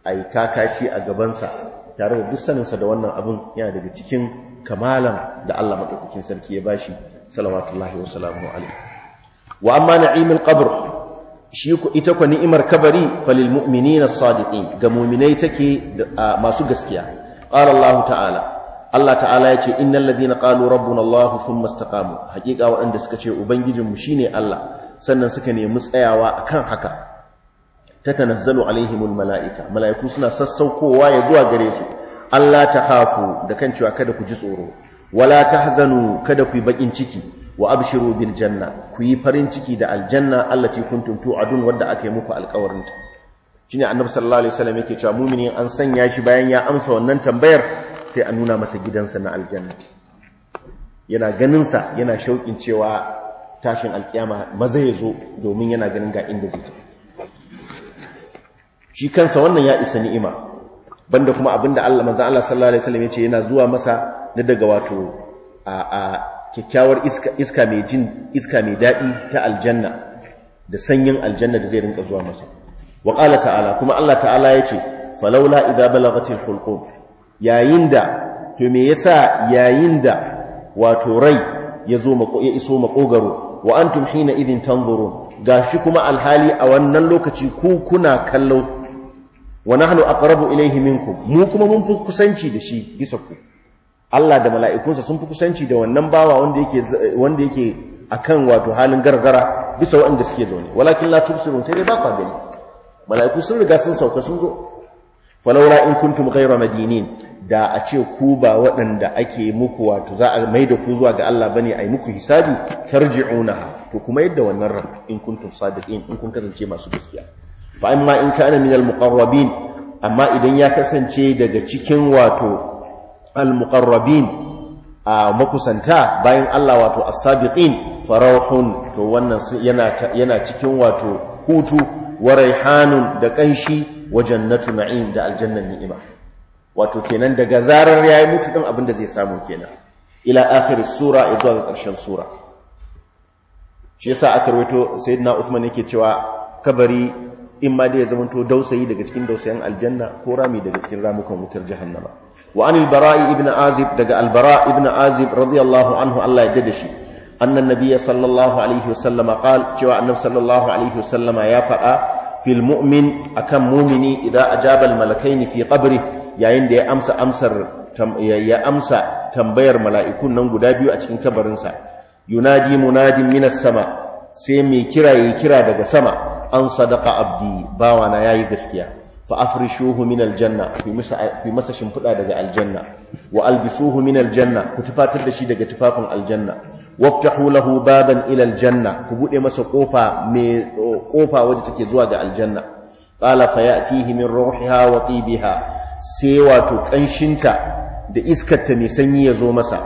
a yi kakaci a gabansa tare da duk saninsa da wannan abin yana daga cikin kamalan da Allah madaukakin sarki ya bashi salawatullahi wa salamu alaihi wa amma na'imul qabr shi ita ko ni'imar kabari falil mu'minina sadiqin ga mu'minai take masu gaskiya qala Allah ta'ala Allah ta'ala ya ce innal ladhina qalu rabbuna Allah thumma istaqamu hakika waɗanda suka ce ubangijinmu shine Allah sannan suka nemi tsayawa akan haka tatanazzalu alaihimul malaika malaiku suna sassaukowa ya zuwa gare su Allah ta hafu da kan cewa kada ku ji tsoro wala ta tahzanu kada ku yi bakin ciki wa abshiru bil janna ku yi farin ciki da aljanna Allah tuntu a dun wadda aka yi muku alƙawarin Shi ne annabi sallallahu alaihi wasallam yake cewa mu'mini an sanya shi bayan ya amsa wannan tambayar sai a nuna masa gidansa na aljanna yana ganin yana shauƙin cewa tashin alƙiyama maza ya zo domin yana ganin ga inda zai ta shi kansa wannan ya isa ni'ima banda kuma abinda Allah manzo Allah sallallahu alaihi wasallam yace yana zuwa masa da daga wato a a kyakkyawar iska iska mai jin iska mai dadi ta aljanna da sanyin aljanna da zai rinka zuwa masa wa qala ta'ala kuma Allah ta'ala yace falaula idza balagatil hulqum yayin da to me yasa yayin da wato rai ya zo ya iso makogaro wa antum hina idin tanzurun gashi kuma alhali a wannan lokaci ku kuna kallo wa nahnu aqrabu ilayhi minkum mu kuma mun fi kusanci da shi bisa ku Allah da mala'ikunsa sun fi kusanci da wannan bawa wanda yake wanda yake akan wato halin gargara bisa waɗanda suke zaune walakin la tubsirun sai dai ba ku gani mala'iku sun riga sun sauka sun zo falaura in kuntum ghayra madinin da a ce ku ba waɗanda ake muku wato za a mai da ku zuwa ga Allah bane ai muku hisabi tarji'unaha to kuma yadda wannan ran in kuntum sadiqin in kun kasance masu gaskiya fa amma in kana min al-muqarrabin amma idan ya kasance daga cikin wato al-muqarrabin a makusanta bayan Allah wato as-sabiqin farahun to wannan yana yana cikin wato hutu wa raihanun da kanshi wa jannatu na'im da aljannan ni'ima wato kenan daga zarar yayi mutu din abin da zai samu kenan ila akhir sura zuwa ga sura shi yasa aka rawaito sayyidina usman yake cewa kabari in ma dai ya zamanto dausayi daga cikin dausayen aljanna ko rami daga cikin ramukan wutar jahannama wa anil bara'i ibn azib daga albara ibn azib radiyallahu anhu Allah ya dade shi annan nabiyya sallallahu alaihi wasallam qal cewa annabi sallallahu alaihi wasallam ya faɗa fil mu'min akan mu'mini idza ajaba al malakain fi qabri yayin da ya amsa amsar ya amsa tambayar mala'ikun nan guda biyu a cikin kabarinsa yunadi munadin minas sama sai mai kira yayi kira daga sama an sadaka abdi bawana yi gaskiya fa afrishuhu min aljanna fi masa shimfiɗa daga aljanna wa albisuhu min aljanna ku tufatar da shi daga tufafin aljanna waftahu lahu baban ila aljanna ku bude masa kofa me kofa wadda take zuwa ga aljanna qala fayatihi min ruhiha wa tibiha sai wato kanshinta da iskarta mai sanyi ya zo masa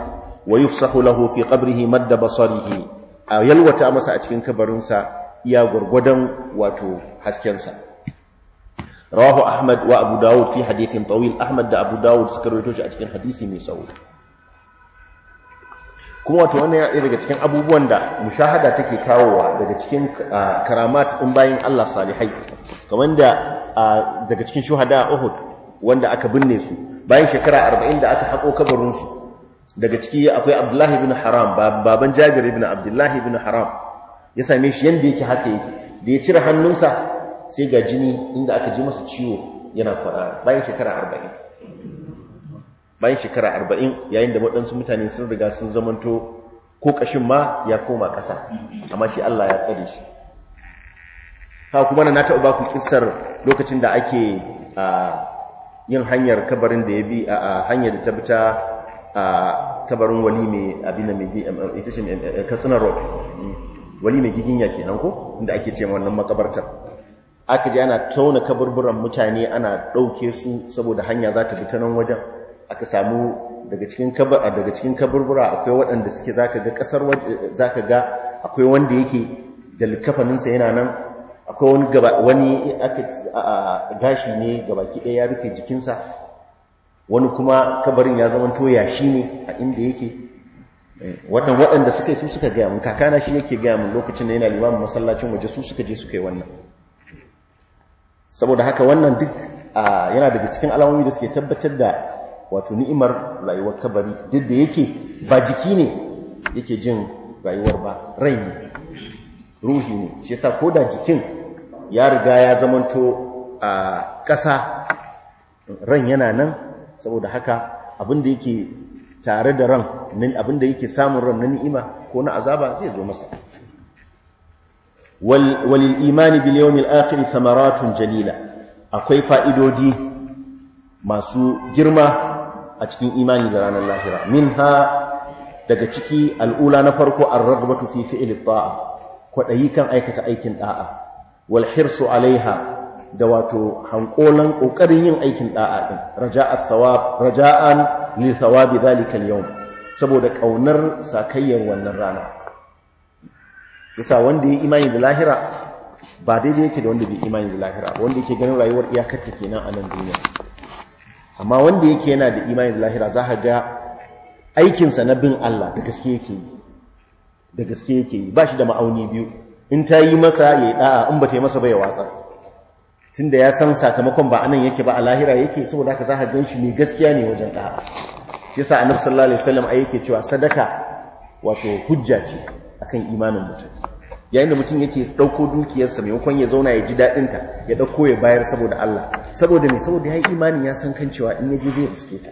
wa yufsahu lahu fi qabrihi madda basarihi a yalwata masa a cikin kabarinsa Ya gurgudan wato haskensa rawahu ahmad wa abu dawud fi hadithin tawil ahmad da abu dawud suka rawaito shi a cikin hadisi mai tsawo kuma wato wannan ya daga cikin abubuwan da mushahada take kawowa daga cikin karamat din bayin Allah salihai kamar da daga cikin shuhada Uhud wanda aka binne su bayan shekara arba'in da aka hako kabarin su daga ciki akwai Abdullahi ibn Haram baban Jabir ibn Abdullahi ibn Haram ya same shi yadda yake haka yake da ya cire hannunsa sai ga jini inda aka ji masa ciwo yana kwarara bayan shekara arba'in bayan shekara arba'in yayin da waɗansu mutane sun riga sun zamanto ko ƙashin ma ya koma ƙasa amma shi Allah ya tsare shi ha kuma na taɓa ba ku kissar lokacin da ake yin hanyar kabarin da ya bi a hanyar da ta bi ta kabarin wali mai abin da mai bi a kasanar rock wali mai giginya kenan ko inda ake ce wannan makabartar aka ji ana tauna kaburburan mutane ana ɗauke su saboda hanya za ta bi ta nan wajen aka samu daga cikin daga cikin kaburbura akwai waɗanda suke zaka ga kasar zaka ga akwai wanda yake da likafanin yana nan akwai wani gaba wani aka gashi ne gabaki ɗaya ya rufe jikinsa wani kuma kabarin ya zama to yashi ne a inda yake Eh, wannan waɗanda suka yi su suka gaya mun kakana shi yake gaya mun lokacin da yana limamin masallacin waje su suka je suka yi wannan saboda haka wannan duk yana daga cikin alamomi da suke tabbatar da wato ni'imar rayuwar kabari duk da yake ba jiki ne yake jin rayuwar ba rai ne ruhi ne shi yasa ko da jikin ya riga ya zamanto a ƙasa ran yana nan saboda haka abin da yake tare da ran abin abinda yake samun ran na ni'ima ko na azaba zai zo masa wal imani bil yawmil akhir thamaratun jalila akwai fa'idodi masu girma a cikin imani da ranar lahira minha daga ciki al'ula na farko ar-raghbatu fi fi'li ta'a kwadayi kan aikata aikin da'a wal hirsu alaiha da wato hankolan ƙoƙarin yin aikin ɗa'a ɗin raja'a thawab raja'an li thawabi dhalika al saboda ƙaunar sakayyar wannan rana yasa wanda ya imani da lahira ba daidai yake da wanda bai imani da lahira wanda yake ganin rayuwar iyakar ta kenan a nan duniya amma wanda yake yana da imani da lahira za ka ga aikinsa na bin Allah da gaske yake yi da gaske yake yi ba shi da ma'auni biyu in ta yi masa ya yi ɗa'a in ba ta yi masa ba ya Tun da ya san sakamakon ba anan yake ba a lahira yake saboda haka za a gan shi ne gaskiya ne wajen ɗaya shi a annabi sallallahu alaihi wasallam ai yake cewa sadaka wato hujja ce akan imanin mutum yayin da mutum yake dauko dukiyarsa maimakon ya zauna ya ji daɗinta ta ya ɗauko ya bayar saboda Allah saboda me saboda yayi imanin ya san kan cewa in ya je zai riske ta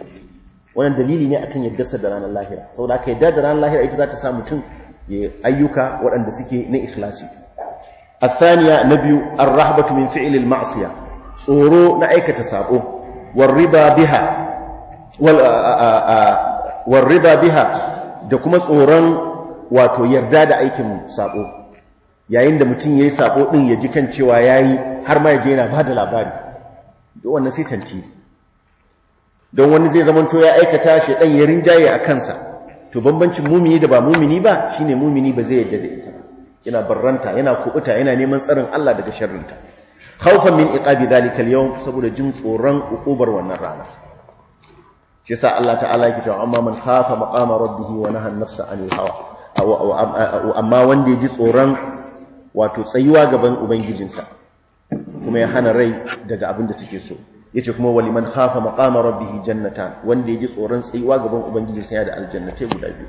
wannan dalili ne akan sa da ranar lahira saboda haka yadda da ranar lahira ita za ta sa mutum ya ayyuka waɗanda suke na ikhlasi الثانية نبي الرهبة من فعل المعصية صورو نأيكة سابو والربا بها وال والربا بها da kuma tsoron wato yarda da aikin sabo yayin da mutum ya yi sabo ɗin ya ji kan cewa ya yi har ma ya je yana ba da labari da wannan sai tanti don wani zai zamanto ya aikata shi ɗan ya rinjaye a kansa to bambancin mumini da ba mumini ba shi ne mumini ba zai yarda da ita yana barranta yana kubuta yana neman tsarin Allah daga sharrinta khaufan min iqabi zalika al-yawm saboda jin tsoron ukubar wannan rana shi sa Allah ta'ala yake cewa amma man khafa maqama rabbih wa an nafsa anil hawa amma wanda ji tsoron wato tsayuwa gaban ubangijinsa kuma ya hana rai daga abin da take so yace kuma waliman khafa maqama rabbih jannatan wanda ya ji tsoron tsayuwa gaban ubangijinsa ya da aljannatai guda biyu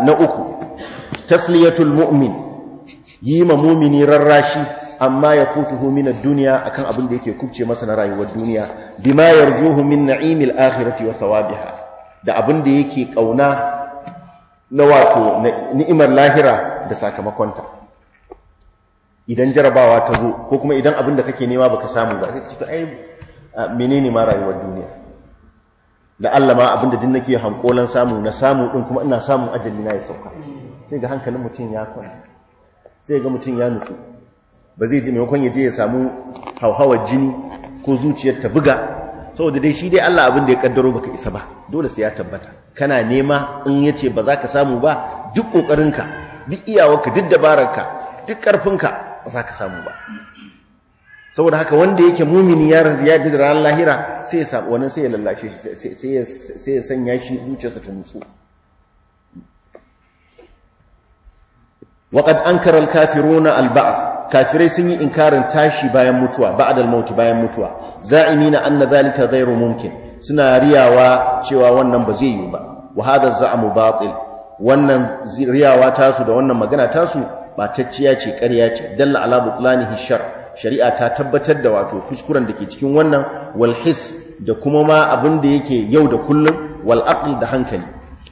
na uku. tasliyatul mu'min yi ma mumini rarrashi amma ya futuhu min ad-dunya akan abin da yake kubce masa na rayuwar duniya bima yarjuhu min na'imil akhirati wa thawabiha da abin da yake kauna na wato ni'imar lahira da sakamakonta idan jarabawa ta zo ko kuma idan abin da kake nema baka samu ba sai ka ce ai menene ma rayuwar duniya da Allah ma abin da din nake hankolan samu na samu din kuma ina samun ajali na ya sauka sai ga hankalin mutum ya kwanta sai ga mutum ya nutsu ba zai ji maimakon ya ya samu hauhawar jini ko zuciyar ta buga saboda dai shi dai Allah abin da ya kaddaro baka isa ba dole sai ya tabbata kana nema in yace ba za ka samu ba duk kokarinka duk iyawarka duk dabararka duk karfinka ba za ka samu ba saboda haka wanda yake mumini ya ya da lahira sai ya sabu wannan sai ya lallashe shi sai ya sanya shi zuciyarsa ta nutsu وقد أنكر الكافرون البعث kafirai sun yi inkarin tashi bayan mutuwa ba'dal mauti bayan mutuwa za'imina anna zalika ghairu mumkin suna riyawa cewa wannan ba zai yiwu ba wa hadha mu batil wannan riyawa tasu da wannan magana tasu ba tacciya ce ƙarya ce dalla ala butlanihi Hishar, shari'a ta tabbatar da wato kuskuren da ke cikin wannan walhis da kuma ma abin da yake yau da kullum wal aql da hankali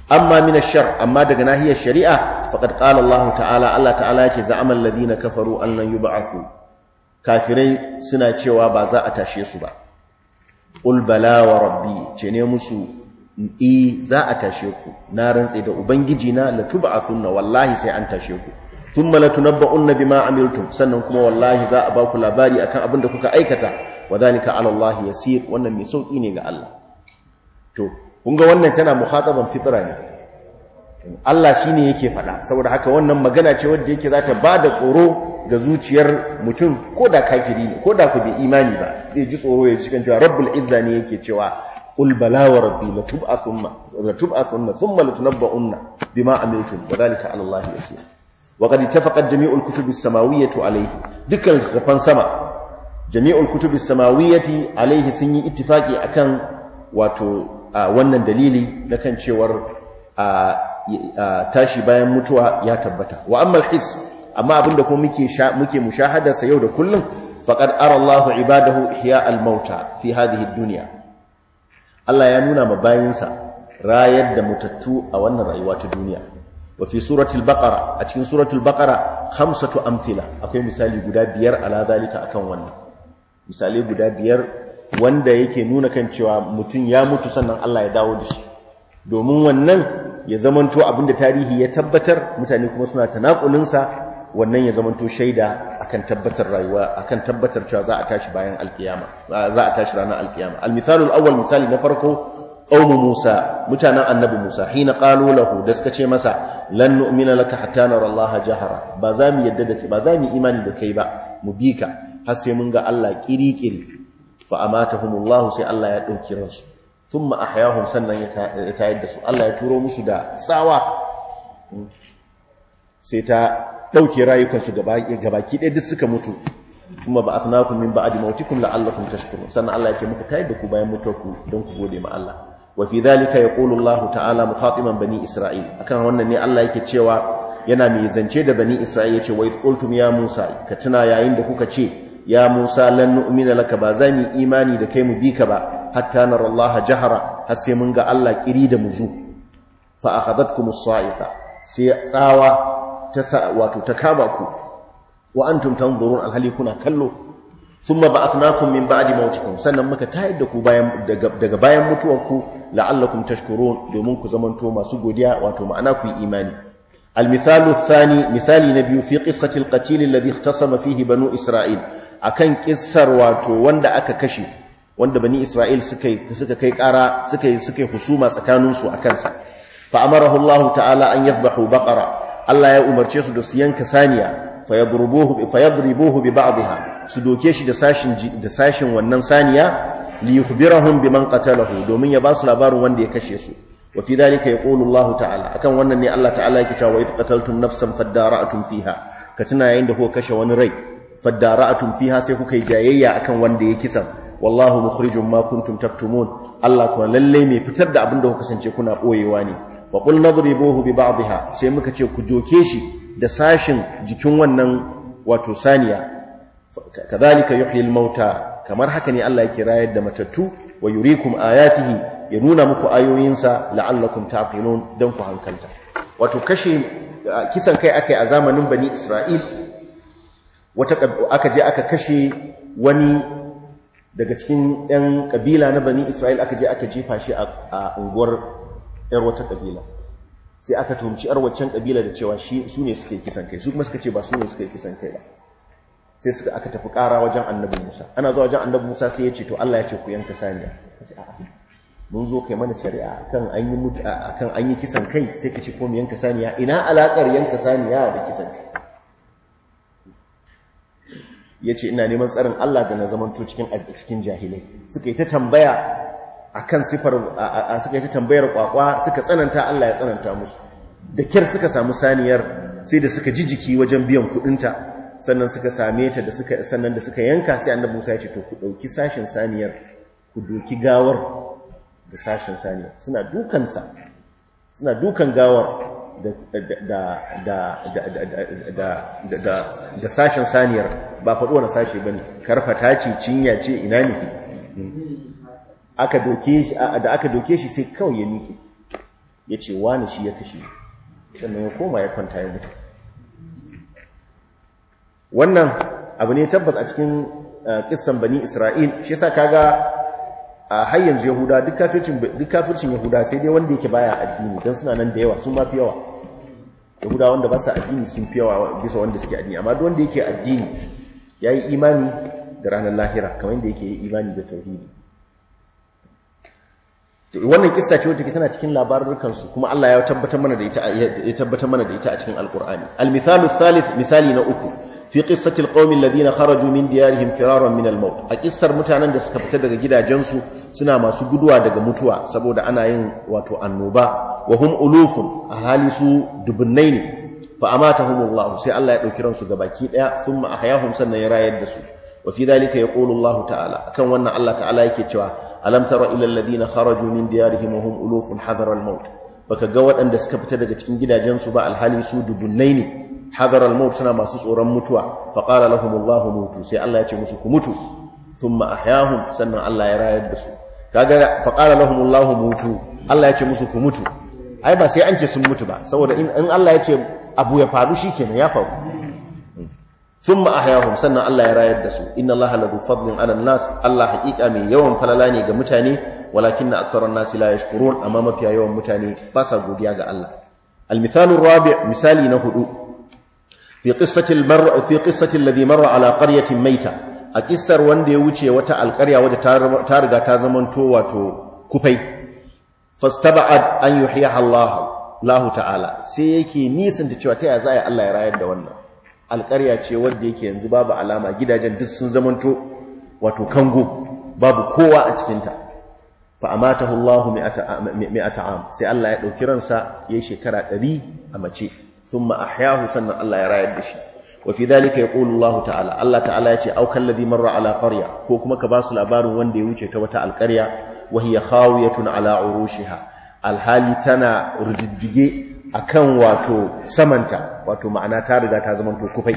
amma mina shar amma daga nahiyar shari'a faqad ta'ala, Allah ta'ala Allah ta'ala za'amar lazi na kafaru an yi ba'afu kafirai suna cewa ba za a tashe su ba ƙulbala wa rabbi ce ne musu i e, za a tashe ku na rantse da ubangiji na na wallahi sai an tashe ku na ba'un na bima amiltum sannan kuma wallahi za a ba ku labari a kan abin da kuka aikata Wa za ka 'ala Allah yasir wannan mai sauƙi ne ga Allah to kun ga wannan tana muhatsaban fitra ne Allah shi ne yake faɗa saboda haka wannan magana ce wadda yake za ta ba da tsoro ga zuciyar mutum ko da kafiri ne ko da ku bai imani ba zai ji tsoro ya cikin cewa rabbul izza ne yake cewa qul bala wa rabbi la tub'athunna la tub'athunna thumma latunabba'unna bima amiltum wa dhalika 'ala Allah yasir wa qad ittafaqat jami'ul kutubi as-samawiyyati alayhi dukkan littafan sama jami'ul kutubi as-samawiyyati alayhi sun yi ittifaqi akan wato wannan dalili na kan cewar tashi bayan mutuwa ya tabbata wa amma al-his amma abinda ko muke muke mushahadar sa yau da kullum faqad ara allahu ibadahu ihya al-mauta fi hadhihi ad-dunya Allah ya nuna ma bayinsa rayar da mutattu a wannan rayuwa ta duniya wa fi suratul baqara a cikin suratul baqara khamsatu amthila akwai misali guda biyar ala zalika akan wannan misali guda biyar wanda yake nuna kan cewa mutum ya mutu sannan Allah ya dawo da shi domin wannan ya zamanto abinda tarihi ya tabbatar mutane kuma suna sa wannan ya zamanto shaida akan tabbatar rayuwa akan tabbatar cewa za a tashi bayan alkiyama za a tashi ranar alkiyama almithalul awwal misali na farko qaumu Musa mutanen annabi Musa hina qalu lahu da suka ce masa lan nu'mina laka hatta nara Allah jahara ba za mu yadda da ba za mu imani da kai ba mu bi ka har sai mun ga Allah kirikiri fa amatahumullahu sai Allah ya dauki ransu a hayahu sannan ya tayar da su Allah ya turo musu da tsawa mm, sai ta ɗauke rayukansu gabaki ɗaya duk suka mutu ma ba a sanakun min ba ba'di mautikum la'allakum tashkurun sannan Allah ya ce muka tayar da ku bayan mutuwarku don ku gode ma Allah wa fi ya ƙolun Allah ta'ala fatiman bani Isra'il akan wannan ne Allah yake cewa yana mai zance da bani Isra'il ce wa qultum ya Musa ka tuna yayin da kuka ce ya Musa lan nu'mina laka ba za mu yi imani da kai mu bi ka ba hatta narallaha jahara har sai mun ga Allah kiri da muzu fa akhadatkum saiqa sai tsawa ta wato ta kama ku wa antum tanzurun alhali kuna kallo thumma ba'athnakum min ba'di mautikum sannan muka tayar da ku bayan daga bayan ku la'allakum tashkurun domin ku zamanto masu godiya wato ma'ana ku imani المثال الثاني مثال نبي في قصة القتيل الذي اختصم فيه بنو إسرائيل أكن كسر واتو wanda aka كشي wanda bani Isra'il suka kai kara suka yi husuma tsakaninsu a kansa. Fa'amarahu Allah ta'ala an yadbahu baƙara, Allah ya umarce su da su yanka saniya, fayadribuhu bi ba'diha su doke shi da sashin wannan saniya, li yukhbirahum biman qatalahu domin ya ba su labarin wanda ya kashe su. Wafi dalika ya yaqulu Allah ta'ala akan wannan ne Allah ta'ala yake cewa idh qataltum nafsan tun fiha ka tuna yayin da kuka kashe wani rai tun fiha sai kuka yi jayayya akan wanda ya kisan wallahu mukhrijum ma kuntum taktumun Allah kuwa lalle mai fitar da abin da kuka kasance kuna boyewa ne fa qul nadribuhu bi ba'dihha sai muka ce ku joke shi da sashin jikin wannan wato saniya kadhalika yuhyi al-mauta kamar haka ne Allah yake rayar da matattu wa yurikum ayatihi ya nuna muku ayoyinsa la'allakum taqilun dan ku hankalta wato kisan kai akai a zamanin bani Isra'il wata aka je aka kashe wani daga cikin 'yan kabila na bani isra'il aka je aka jefa shi a unguwar 'yar wata kabila sai aka tumci 'yar waccan kabila da cewa su ne suke kisan kai su kuma suka ce ba su ne suke kisan kai ba sai suka aka tafi ƙara wajen annabi musa ana zuwa wajen annabi musa sai ya ce to allah ya ce ku yanka saniya mun zo kai mana shari'a akan an yi kisan kai sai ka ce ko mu yanka saniya ina alaƙar yanka saniya da kisan kai ya ce ina neman tsarin Allah da na zamanto cikin jahilai suka yi ta tambaya a kan sifar suka yi ta tambayar kwakwa suka tsananta Allah ya tsananta musu da kyar suka samu saniyar sai da suka ji jiki wajen biyan kudinta sannan suka same ta da suka sannan da suka yanka sai annabi Musa ya ce to ku dauki sashin saniyar ku doki gawar da sashin saniyar suna dukansa suna dukan gawar da sashen saniyar ba faɗo wani sashe ba ne karfata ce cinya ce ina ne da aka doke shi sai kawai ya miƙe ya ce wani shi ya kashe sannan ya koma ya kwanta ya mutu wannan abu ne tabbas a cikin eh, kisan, bani isra'il shi sa kaga a har yanzu yahuda duk kafircin yahuda sai dai wanda yake baya addini don suna nan da yawa sun ma fi yawa yahuda wanda ba sa addini sun fi yawa bisa wanda suke addini amma duk wanda yake addini ya yi imani da ranar lahira kamar yadda yake imani da tauhidi wannan kista ce wacce tana cikin labarukan su kuma Allah ya tabbatar mana da ita a cikin al mithalu thalith misali na uku fi qissatil qaumin ladina kharaju min diyarihim firaran min al a kissar mutanen da suka fita daga gidajensu suna masu guduwa daga mutuwa saboda ana yin wato annoba wa hum ulufun ahali su dubunnai ne fa amatahum Allah sai Allah ya dauki ransu gabaki daya thumma ahyahum sannan ya rayar da su wa fi dhalika yaqulu Allah ta'ala akan wannan Allah ta'ala yake cewa alam tara ila alladhina kharaju min diyarihim wa hum ulufun hadara al-maut baka ga waɗanda suka fita daga cikin gidajensu ba alhali su dubunnai ne hadar al-maut suna masu tsoron mutuwa fa qala lahum Allah mutu sai Allah ya ce musu ku mutu thumma ahyahum sannan Allah ya rayar da su kaga fa qala lahum Allah mutu Allah ya ce musu ku mutu ai ba sai an ce sun mutu ba saboda in Allah ya ce abu ya faru shikenan ya faru thumma ahyahum sannan Allah ya rayar da su inna Allah lahu fadlin 'ala nas Allah haƙiƙa mai yawan falala ne ga mutane walakin aktharun nas la yashkurun amma mafiya yawan mutane ba sa godiya ga Allah al-mithalu rabi misali na hudu fi qissatil mar'a fi qissatil ladhi maita a kissar wanda ya wuce wata alƙarya wadda ta riga ta zamanto wato kufai fastaba'ad an yuhyiha Allah ta'ala sai yake nisan da cewa ta yaya za a Allah ya rayar da wannan alƙarya ce wadda yake yanzu babu alama gidajen duk sun zamanto wato kango babu kowa a cikinta fa amatahu Allahu mi'ata am sai Allah ya ɗauki ransa yayin shekara ɗari a mace thumma ahyahu sannan Allah ya rayar da shi wa ya dhalika yaqulu ta'ala Allah ta'ala ya ce kallazi marra ala qarya ko kuma ka basu labarin wanda ya wuce ta wata alqarya wa hiya khawiyatun ala urushiha alhali tana riddige akan wato samanta wato ma'ana ta riga ta zama kufai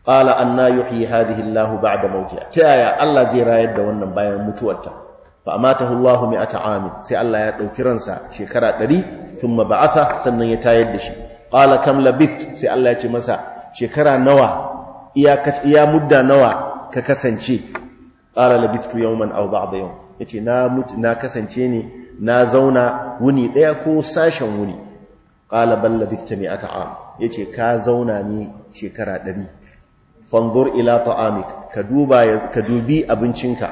qala anna yuhyi hadhihi Allah ba'da mawtiha ta yaya Allah zai rayar da wannan bayan mutuwarta mi'a فأماته الله مئة عام سي الله يدوكرنسا شكرا دري sannan ya سنن يتايد shi. Ƙala kam labith sai Allah ya ce masa shekara nawa iya mudda nawa ka kasance qala yau yawman aw a yau. ya ce na kasance ne na zauna wuni ɗaya ko sashen wuni qala bal mai mi'ata am ce ka zauna ne shekara ɗari? Fangor ila ta'amik ka dubi abincinka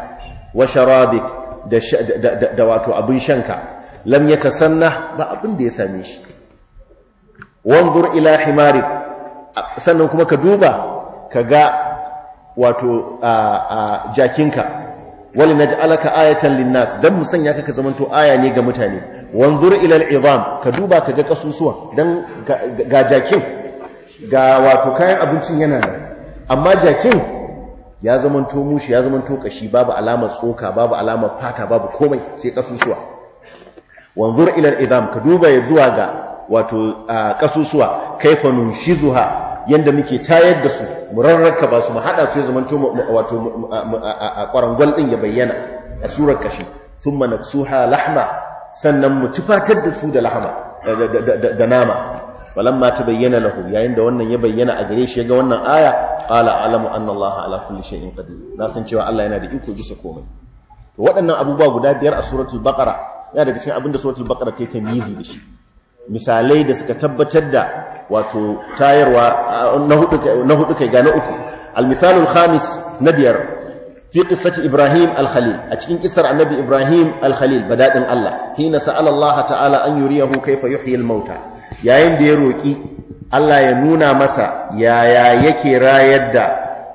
wa sharabik da wato abin shanka lam ya ta sanna, ba abin da ya same shi wanzur ila himari sannan kuma ka duba ka ga wato jakinka wali naj'alaka ayatan linnas dan mu sanya ka ka zamanto aya ne ga mutane wanzur ila al'izam ka duba ka ga kasusuwa dan ga jakin ga wato kayan abincin yana nan amma jakin ya zamanto mushi ya zamanto kashi babu alamar tsoka babu alamar fata babu komai sai kasusuwa wanzur ila al'izam ka duba ya zuwa ga wato kasusuwa kaifa nunshizuha yanda muke tayar da su mu rarraka ba su mu hada su ya zamanto wato kwarangwal ɗin ya bayyana a surar kashi thumma naksuha lahma sannan mu tufatar da su da lahama da nama falamma bayyana lahu yayin da wannan ya bayyana a gare shi ya ga wannan aya qala alamu anna ala kulli shay'in qadir na san cewa Allah yana da iko bisa komai to waɗannan abubuwa guda biyar a suratul baqara yana daga cikin abinda suratul baqara ta yi da shi misalai da suka tabbatar da wato tayarwa uh, na hudu kai gane uku al-mithalul khamis na biyar fi qissati ibrahim al-khalil a cikin kisar annabi ibrahim al-khalil badadin Allah hina sa'ala Allah ta'ala an yuriyahu kayfa yuhyi al-mauta yayin da ya roki Allah ya nuna masa yaya yake rayar da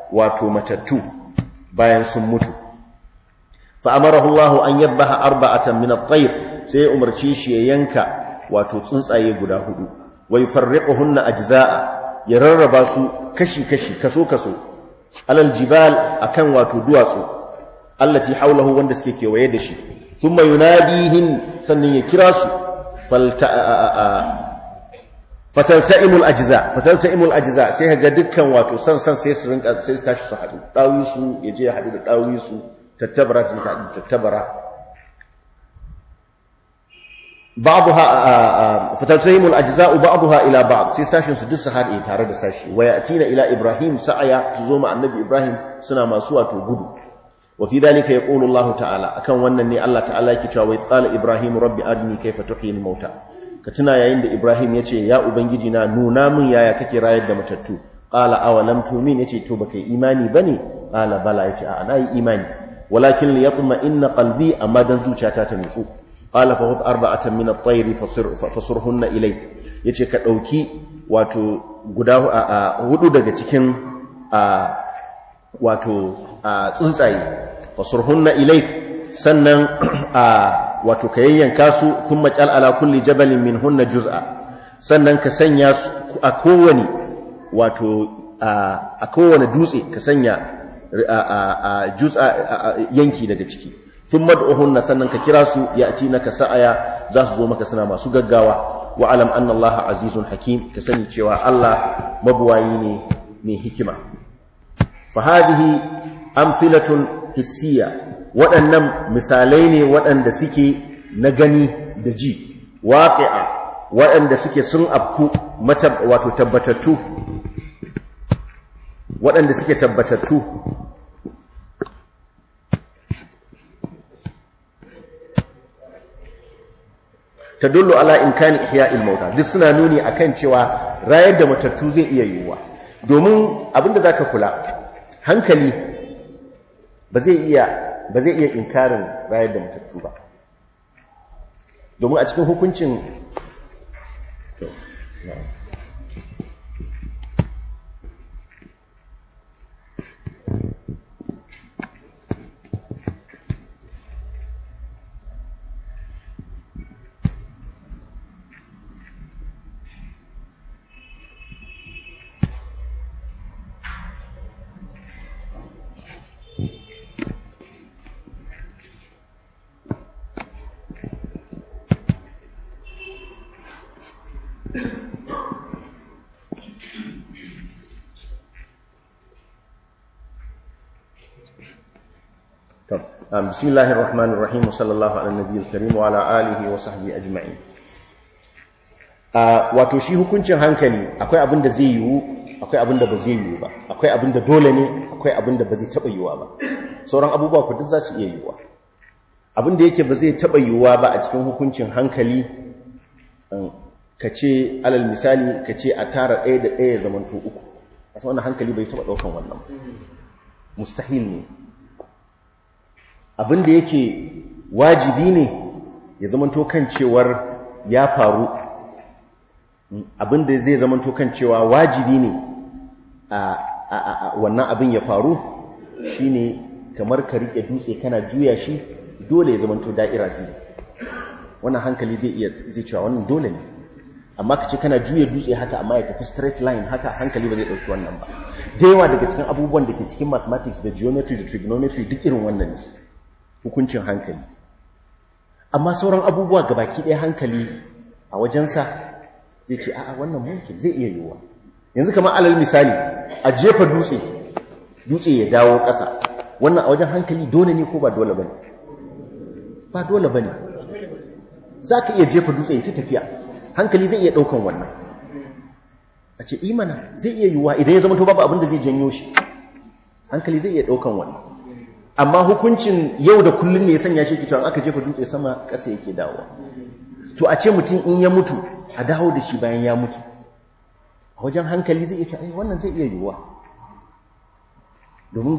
wato matattu bayan sun mutu fa amarahu Allah an yadhbaha arba'atan min at-tayr sai umarci shi ya yanka wato tsuntsaye guda hudu wa yufarriquhunna ajza'a ya rarraba su kashi kashi kaso kaso alal jibal akan wato duwatsu allati haulahu wanda suke kewaye da shi thumma yunadihin sannan ya kira su fatalta'imul ajza fatalta'imul ajza sai ga dukkan wato san san sai su rinka sai su tashi su haɗu dawi su yaje ya haɗu da dawi su tattabara su tattabara بعضها فتلتهم الأجزاء بعضها إلى بعض في ساشن سدس هار إيتار ساشي ويأتين إلى إبراهيم سعيا تزوم عن نبي إبراهيم سنا ما سوى تبدو وفي ذلك يقول الله تعالى أكن ونني الله تعالى كتاب وإذ قال إبراهيم ربي أرني كيف تحيي الموتى كتنا يا إند إبراهيم يتي يا أبنجينا نونا من يا يكتي رايد دمتتو قال أولم تؤمن يتي توبك إيماني بني قال بلى يتي أعناي إيماني ولكن ليطمئن قلبي أما دنزو تاتا نفوك qala fa hud arba'atan min at-tayr fasurhunna ilay yace ka ɗauki wato guda hudu daga cikin wato tsuntsaye fasurhunna ilai sannan wato ka yayyanka su sun jal ala kulli jabalin minhunna juz'a sannan ka sanya a kowane wato a kowane dutse ka sanya juz'a yanki daga ciki tun hunna sannan ka kira su ya ci naka sa'aya za su zo maka suna masu gaggawa wa alam anna allaha azizun hakim ka sani cewa allah mabuwayi ne mai hikima fa hadhihi amfilatun hissiya waɗannan misalai ne waɗanda suke na gani da ji waƙi'a waɗanda suke sun afku wato tabbatattu waɗanda suke tabbatattu tadullu ala imkani ihya'il mauta duk suna nuni akan cewa rayar da matattu zai iya yiwuwa domin abinda zaka kula hankali ba zai iya ba zai inkarin rayar da matattu ba domin a cikin hukuncin بسم الله الرحمن الرحيم وصلى الله على النبي الكريم وعلى آله وصحبه أجمعين wato shi hukuncin hankali akwai abin da zai yiwu akwai abin da ba zai yiwu ba akwai abin da dole ne akwai abin da ba zai taɓa yiwuwa ba sauran abubuwa ku duk za su iya yiwuwa abin da yake ba zai taɓa yiwuwa ba a cikin hukuncin hankali um, ka ce alal misali ka ce a tara ɗaya da ɗaya zamanto uku a wannan hankali bai taɓa ɗaukan wannan mustahil ne abin da yake wajibi ne ya zamanto kan cewar ya faru abin da zai zamanto kan cewa wajibi ne a wannan abin ya faru shine kamar ka rike dutse kana juya shi dole ya zamanto da'ira zai wannan hankali zai iya zai cewa wannan dole ne amma ka ce kana juya dutse haka amma ya tafi straight line haka hankali ba zai ɗauki wannan ba da yawa daga cikin abubuwan da ke cikin mathematics da geometry da trigonometry duk irin wannan ne hukuncin hankali amma sauran abubuwa gabaki ɗaya hankali a wajensa zai ce a'a wannan mulkin zai iya yiwuwa yanzu kamar alal misali a jefa dutse dutse ya dawo ƙasa wannan a wajen hankali dole ne ko ba dole bane ba dole bane za ka iya jefa dutse ya ta tafiya hankali zai iya ɗaukan wannan a ce imana eh, zai iya yiwuwa idan ya zama to babu abin da zai janyo shi hankali zai iya ɗaukan wannan amma hukuncin yau da kullum ne ya sanya shi cewa aka jefa dutse sama ƙasa yake dawowa to a ce mutum in ya mutu a dawo da shi bayan ya mutu a wajen hankali zai iya ce eh, wannan zai iya yiwuwa domin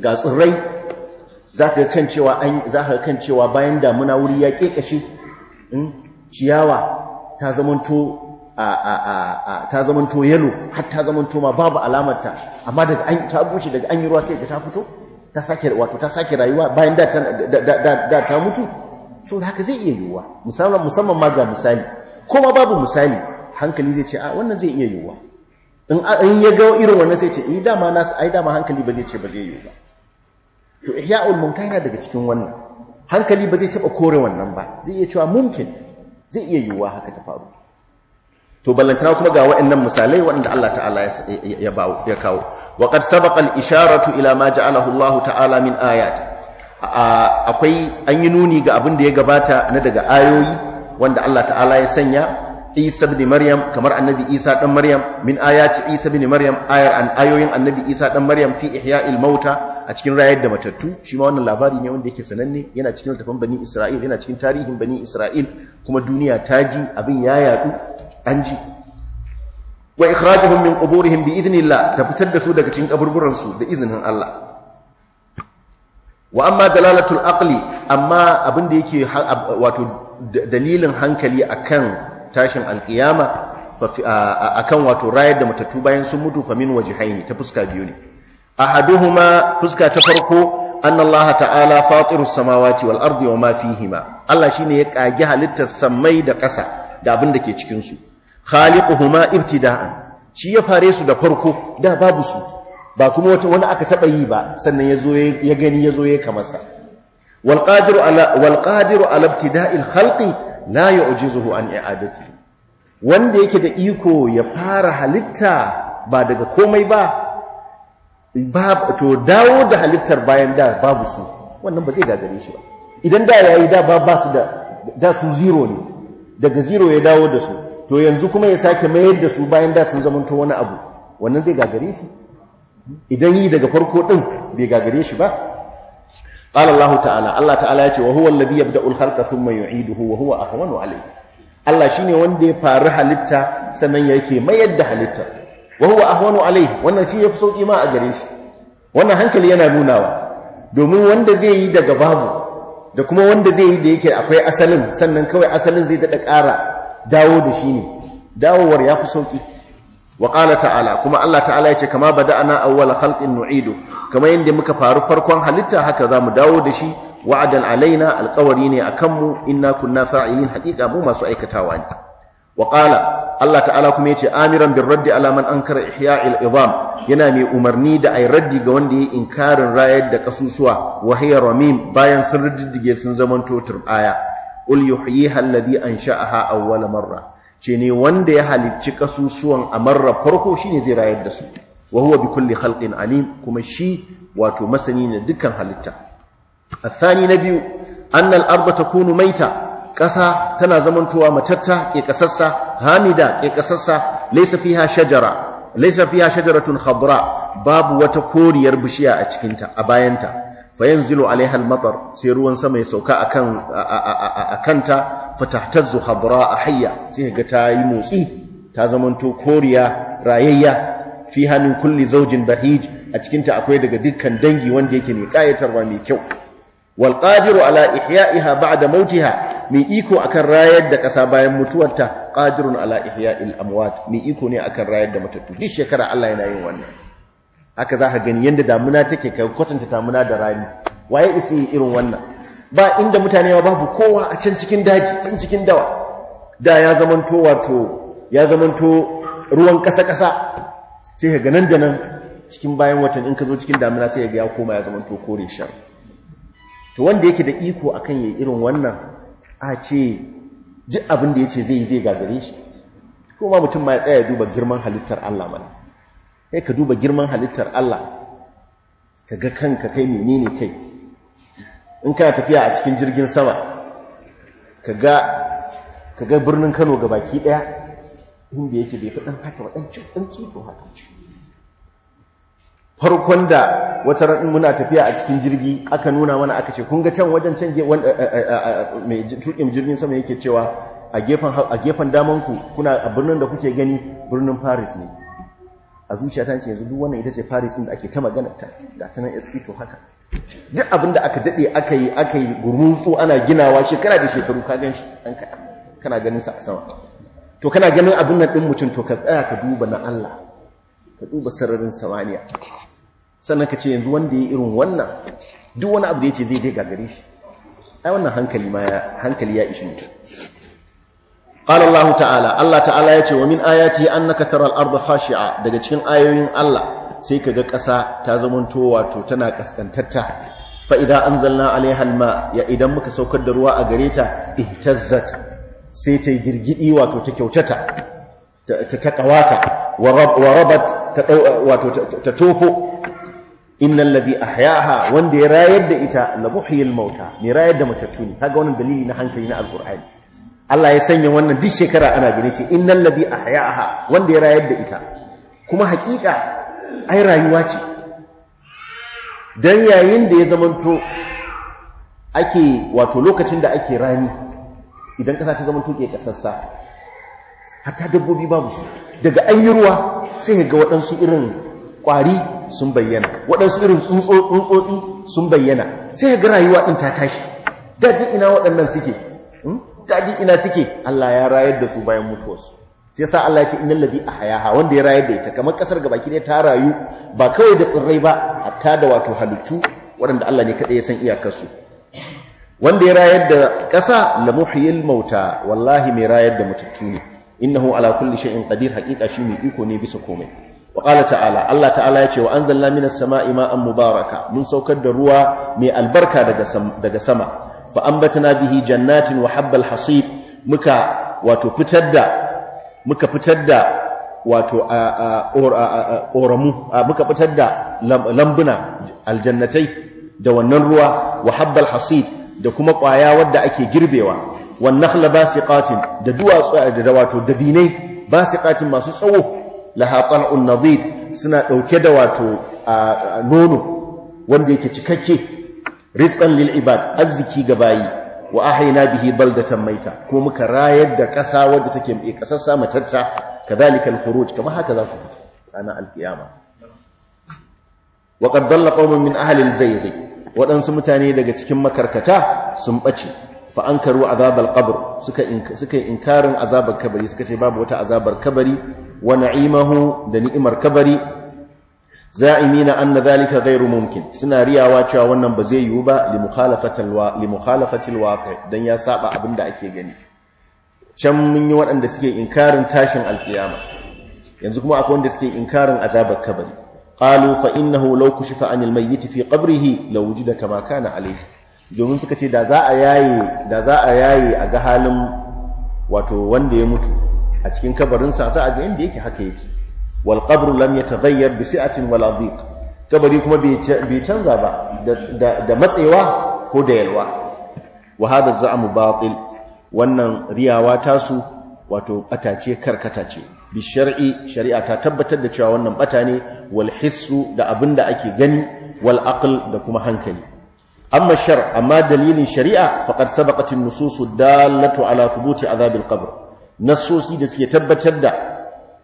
ga tsirrai za ka kan cewa bayan damuna wuri ya kekashe hmm, ciyawa ta zamanto ta zamanto yalo har ta zamanto ma babu alamarta amma daga an ta bushe daga an yi ruwa sai ta fito ta sake wato ta sake rayuwa bayan da da ta mutu so da haka zai iya yiwuwa musamman musamman ma ga misali ko ma babu misali hankali zai ce a wannan zai iya yiwuwa in ya ga irin wannan sai ce eh dama na ai dama hankali ba zai ce ba zai yiwu ba to ihya'ul mumkin yana daga cikin wannan hankali ba zai taba kore wannan ba zai iya cewa mumkin zai iya yiwuwa haka ta faru to ballantana kuma ga waɗannan misalai waɗanda Allah ta'ala ya bawo ya kawo wa qad sabaqa al-isharatu ila ma ja'alahu Allah ta'ala min ayat akwai an yi nuni ga abin da ya gabata na daga ayoyi wanda Allah ta'ala ya sanya Isa bin Maryam kamar annabi Isa dan Maryam min ayati Isa bin Maryam ayar an ayoyin annabi Isa dan Maryam fi ihya'il mauta a cikin rayar da matattu shi ma wannan labari ne wanda yake sananne yana cikin tafan bani Isra'il yana cikin tarihin bani Isra'il kuma duniya ta ji abin ya yadu an ji wa ikhrajuhum min quburihim bi idhnillah ta fitar da su daga cikin kaburburan su da izinin Allah wa amma dalalatul aqli amma abin da yake wato dalilin hankali akan tashin alqiyama akan wato rayar da matattu bayan sun mutu fa min wajhaini ta fuska biyu ne ahaduhuma fuska ta farko annallaha ta'ala fatirus samawati wal ardi wa ma fihima Allah shine ya kage halittar samai da ƙasa da abin da ke cikin su khaliquhuma ibtida'an shi ya fare su da farko da babu su ba kuma wata wani aka taba yi ba sannan yazo ya gani yazo ya kamar sa wal qadiru ala wal qadiru ala ibtida'il khalqi la yu'jizuhu an i'adatihi wanda yake da iko ya fara halitta ba daga komai ba to dawo da halittar bayan da babu su wannan ba zai gagare shi ba idan da yayi da ba ba su da da su zero ne daga zero ya dawo da su to yanzu kuma ya sake mayar da su bayan da sun zamanto wani abu wannan zai gagare shi idan yi daga farko din bai gagare shi ba qala Allah ta'ala Allah ta'ala ya ce wa huwa alladhi harka sun khalqa thumma yu'iduhu wa huwa ahwanu alayhi Allah shine wanda ya fara halitta sannan yake mayar da halitta wa huwa ahwanu alayhi wannan shi yafi sauki ma a gare shi wannan hankali yana nunawa domin wanda zai yi daga babu da kuma wanda zai yi da yake akwai asalin sannan kawai asalin zai dada ƙara dawo da shi ne dawowar ya fi sauƙi wa ta'ala kuma Allah ta'ala ya ce kama ana awwal khalqin nu'idu kama yadda muka faru farkon halitta haka zamu dawo da shi wa'adan alaina alƙawari ne akan mu inna kunna fa'ilin haƙiƙa mu masu aikatawa ne wa Allah ta'ala kuma yace amiran bin raddi ala man ankara ihya'il yana mai umarni da ai raddi ga wanda yayi inkarin rayar da kasusuwa wa hiya ramim bayan sun riddige sun zamanto aya. qul yuhyiha alladhi ansha'aha awwala marra ce ne wanda ya halicci kasusuwan a marar farko shine zai rayar da su wa huwa bi kulli khalqin alim kuma shi wato masani ne dukkan halitta athani na biyu anna al-ardu takunu maita ƙasa tana zamantowa matatta ke kasassa hamida ke kasassa laysa fiha shajara laysa fiha shajaratun khadra babu wata koriyar bishiya a cikinta a bayanta fayanzilu alaiha al-matar sai ruwan sama ya sauka akan akanta fatahtazu hadra ahya sai ga ta yi motsi ta zamanto koriya rayayya fi hannun kulli zaujin bahij a cikinta akwai daga dukkan dangi wanda yake ne kayatarwa mai kyau wal qadiru ala ihya'iha ba'da mautiha mai iko akan rayar da kasa bayan mutuwarta qadirun ala ihya'il amwat mai iko ne akan rayar da matattu duk shekara Allah yana yin wannan Aka za ka gani yadda damuna take ka kwatanta damuna da rani waye isi irin wannan ba inda mutane ba babu kowa a can cikin daji can cikin dawa da ya zamanto wato ya zamanto ruwan kasa-kasa sai ka ganan da nan cikin bayan watan in ka zo cikin damuna sai ga ya koma ya zamanto kore shar to wanda yake da iko akan yayi irin wannan a ce duk abin da yace zai yi zai gagare shi kuma mutum ma ya tsaya duba girman halittar Allah mana kai ka duba girman halittar Allah ka ga kanka kai menene kai in kana tafiya a cikin jirgin sama ka ga birnin Kano ga baki daya inda yake bai fi haka haka wadancan dan cito haka farkon da wata ran muna tafiya a cikin jirgi aka nuna mana aka ce kun ga can wajen can eh, eh, eh, mai tukin jirgin sama yake cewa a gefen damanku kuna a birnin da kuke gani birnin Paris ne a zuciyata ce yanzu duk wannan ita ce Paris din da ake ta magana ta da ta nan to haka duk abin da aka dade aka yi aka yi so ana ginawa shekara da shekaru ka gan shi dan ka kana ganin sa a sama to kana ganin abin nan din mutum to ka tsaya ka duba na Allah ka duba sararin samaniya sannan ka ce yanzu wanda ya irin wannan duk wani abu da yace zai je gagare shi ai wannan hankali ma hankali ya ishi mutum قال الله تعالى الله تعالى aya ومن آياته أنك ترى الأرض خاشعة daga cikin ayoyin Allah sai kaga ƙasa ta zamanto wato tana kaskantatta fa idza anzalna alaiha alma ya idan muka saukar da ruwa a gare ta ihtazzat sai ta girgidi wato ta kyautata ta takawata wa rabat ta wato ta tofo innal ladhi ahyaaha wanda ya rayar da ita la muhyil mauta mai rayar da matattu ne kaga wannan dalili na hankali na alqur'ani Allah ya sanya wannan duk shekara ana gani ce innal ladhi ahya'aha wanda ya rayar da ita kuma hakika ai rayuwa ce dan yayin da ya zamanto ake wato lokacin da ake rani idan kasa ta zamanto ke kasassa hatta dabbobi babu su daga an yi ruwa sai ga waɗansu irin ƙwari sun bayyana waɗansu irin tsuntsotsi sun bayyana sai ga rayuwa ɗin ta tashi da duk ina waɗannan suke daɗi ina suke Allah ya rayar da su bayan mutuwarsu sai sa Allah ya ce innal ladhi ahyaha wanda ya rayar da ita kamar kasar gabaki ne ta rayu ba kawai da tsirrai ba hatta da wato halittu waɗanda Allah ne kada ya san su wanda ya rayar da ƙasa la muhyil mauta wallahi mai rayar da matattu ne innahu ala kulli shay'in qadir haqiqa shi mai iko ne bisa komai wa qala ta'ala Allah ta'ala ya ce wa anzalna minas sama'i ma'an mubaraka mun saukar da ruwa mai albarka daga sama fa ambatna bihi jannatin wa habbal hasid, muka wato fitar da muka fitar da wato muka fitar da lambuna aljannatai da wannan ruwa wa habbal hasid, da kuma ƙwaya wadda ake girbewa wan nakhla ƙatin? da duwatsu da wato dabinai ƙatin masu tsawo laha qan'un suna ɗauke da wato nono wanda yake cikakke rizqan lil ibad arziki ga bayi wa ahayna bihi baldatan maita ko muka rayar da kasa wadda take mai kasar sa tatta, kadhalika al-khuruj kama haka za ku fita ana al-qiyama wa qad dalla qaumun min ahli al wadansu mutane daga cikin makarkata sun bace fa ankaru azab al-qabr suka suka inkarin azabar kabari suka ce babu wata azabar kabari wa na'imahu da ni'imar kabari za'imina anna dhalika ghairu mumkin suna riyawa cewa wannan ba zai yiwu ba li mukhalafatil wa li mukhalafatil waqi dan ya saba abinda ake gani can mun yi waɗanda suke inkarin tashin alkiyama yanzu kuma akwai wanda suke inkarin azabar kabari qalu fa innahu law kushifa anil mayyit fi qabrihi law wujida kama kana alayhi domin suka ce da za a yaye da za a yaye a ga halin wato wanda ya mutu a cikin kabarin sa za a ga inda yake haka yake wal qabru lam yataghayyar bi si'atin wala dhiq kabari kuma bai canza ba da matsewa ko da yalwa wa hadha mu batil wannan riyawata su, wato batace karkata ce bi shar'i shari'a ta tabbatar da cewa wannan bata ne wal hissu da abinda ake gani wal aql da kuma hankali amma shar amma dalilin shari'a faqad sabaqat an-nusus dallatu ala thubuti adhab al-qabr nasosi da suke tabbatar da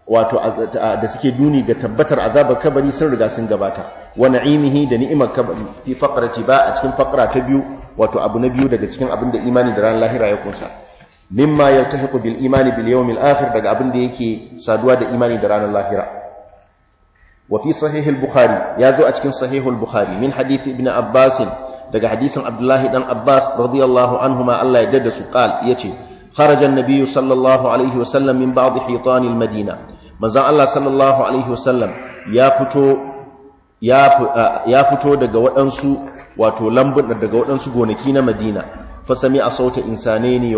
wato da suke duni ga tabbatar azabar kabari sun riga sun gabata wa na'imihi da ni'imar kabari fi faqrati ba a cikin faqra ta biyu wato abu na biyu daga cikin abin da imani da ran lahira ya kunsa mimma yaltahiqu bil imani bil yawmil akhir daga abin da yake saduwa da imani da ranar lahira wa fi sahih al bukhari ya zo a cikin sahih al bukhari min hadith ibn abbas daga hadisin abdullahi dan abbas radiyallahu anhuma Allah ya dada su qal yace harajan an-nabiy sallallahu alaihi wasallam min ba'd hitan al madina manzan Allah sallallahu alaihi wasallam ya fito daga waɗansu wato lambun daga waɗansu gonaki na Madina fasami a sauta insanaini ni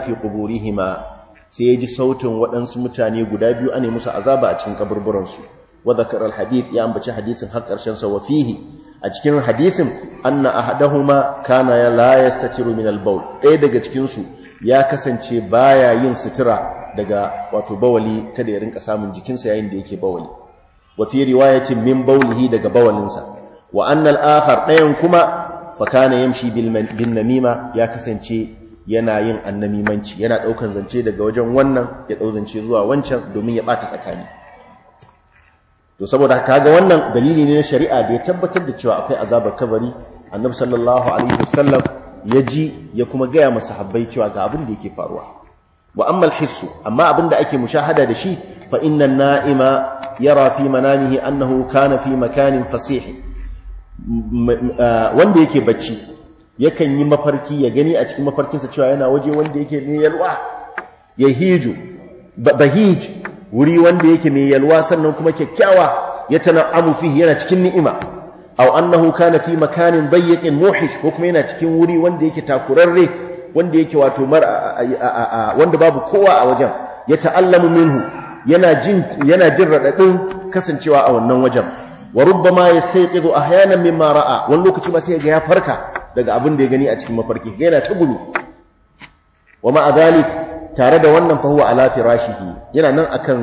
fi hima. sai ya ji sautin waɗansu mutane guda biyu ane musu azaba a cikin kaburburansu wa zakar ya ambaci hadisin har ƙarshen sa wafihi. a cikin hadisin anna ahaduhuma kana la yastatiru min albaul ɗaya daga cikin su ya kasance baya yin sutura daga wato bawali kada ya rinka samun jikinsa yayin da yake bawali wa fi riwayatin min bawlihi daga bawalinsa wa annal akhar dayan kuma fa kana yamshi bin namima ya kasance yana yin annamimanci yana daukan zance daga wajen wannan ya dau zance zuwa wancan domin ya bata tsakani to saboda kaga wannan dalili ne na shari'a da ya tabbatar da cewa akwai azabar kabari annabi sallallahu alaihi wasallam ya ji ya kuma gaya masahabbai cewa ga abin da yake faruwa wa amma abin amma abinda ake mushahada da shi fa inna na'ima yara fi manamihi annahu kana fi makanin fasih wanda yake bacci yakan yi mafarki ya gani a cikin mafarkinsa cewa yana waje wanda yake ne yalwa ya hiju bahij wuri wanda yake mai yalwa sannan kuma kyakkyawa ya tana'amu fihi yana cikin ni'ima aw annahu kana fi makanin dayyiqin muhish ko kuma yana cikin wuri wanda yake takurarre wanda yake wato mar wanda babu kowa a wajen ya ta'allamu minhu yana jin yana jin radadin kasancewa a wannan wajen wa rubbama yastayqidu ahyanan mimma ra'a wani lokaci ma sai ga ya farka daga abin da ya gani a cikin mafarki yana ta gudu wa ma adalik tare da wannan fa huwa ala firashihi yana nan akan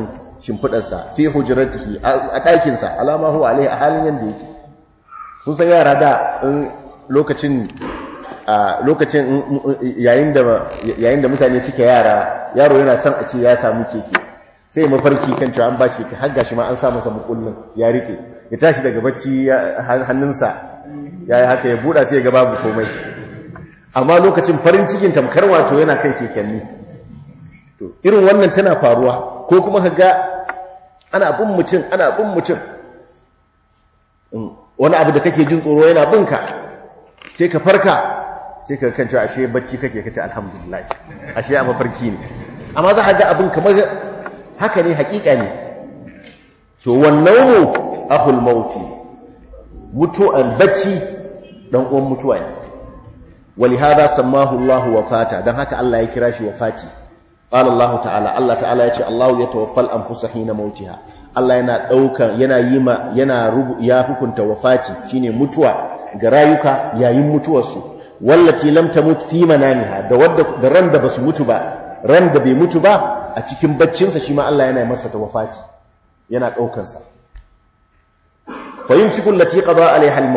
sa fi hujratihi a dakin sa alama huwa alai a halin yanda yake kun san yara da lokacin a lokacin yayin da mutane suke yara yaro yana son a ce ya samu keke sai mafarki kan cewa an ba shi har gashi ma an samu masa kullum. ya rike ya tashi daga bacci hannunsa ya yi haka ya buɗa sai ya ga babu komai amma lokacin farin cikin tamkar wato yana kai kekenni to irin wannan tana faruwa ko kuma ka ga ana bin mutum ana bin mutum mm, wani abu da kake jin tsoro yana binka sai ka farka sai ka kan ashe bacci kake kace alhamdulillah ashe a mafarki ne amma za a ga abin kamar haka ne hakika ne to wannan ahul mauti an bacci dan uwan mutuwa ne ولهذا سماه dan haka allah ya kira shi شي وفاتي qala allah ta'ala allah ta'ala yace allah ya الانفس Allah mautiha Allah yana dauka yana yima yana ya hukunta wafati shine mutuwa ga rayuka yayin mutuwarsu wallati lamta tamut fi manamiha da wadda da ran da basu mutu ba ran da bai mutu ba a cikin baccinsa shi ma Allah yana masa tawafati yana daukan sa fa yumsiku allati qada alaiha al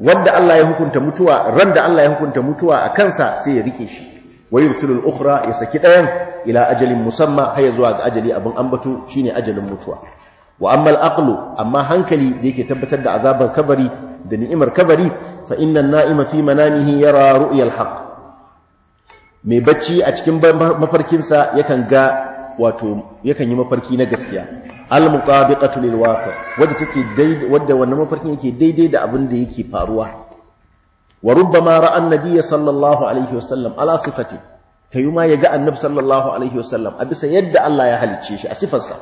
wanda Allah ya hukunta mutuwa ran da Allah ya hukunta mutuwa a kansa sai ya rike shi wa yursilu al ya saki dayan ila ajalin musamma har zuwa ga ajali abin ambato shine ajalin mutuwa wa amma al amma hankali da yake tabbatar da azabar kabari da ni'imar kabari fa innan na'ima fi manamihi yara ru'yal haqq mai bacci a cikin mafarkinsa yakan ga wato yakan yi mafarki na gaskiya al-muqabiqatu lil waqi' wanda take daidai wanda wannan mafarkin yake daidai da abin da yake faruwa wa rubbama ra'a an-nabiy sallallahu alaihi wasallam ala sifati kayuma yaga annab sallallahu alaihi wasallam a bisa yadda Allah ya halicce shi a sifarsa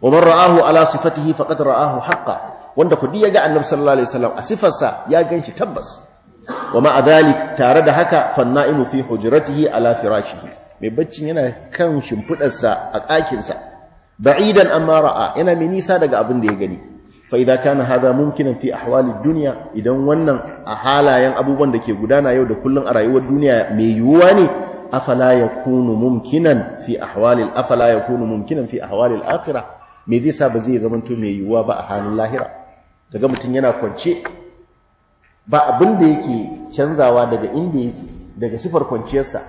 wa man ra'ahu ala sifatihi faqad ra'ahu haqqan wanda kudi ya ga annabi sallallahu alaihi wasallam a sifarsa ya ganshi tabbas wa ma'azali tare da haka fanna'imu fi hujratihi ala firashihi mai baccin yana kan sa a ɗakin sa ba'idan amma ra'a yana mai nisa daga abin da ya gani fa idza kana hadha mumkinan fi ahwali dunya idan wannan a halayen abubuwan da ke gudana yau da kullun a rayuwar duniya mai yuwa ne afala yakunu mumkinan fi ahwali afala yakunu mumkinan fi ahwali akhirah me zai sa ba zai zama to mai yuwa ba a halin lahira ga mutum yana kwance ba abin da yake canzawa daga inda yake daga sifar kwanciyarsa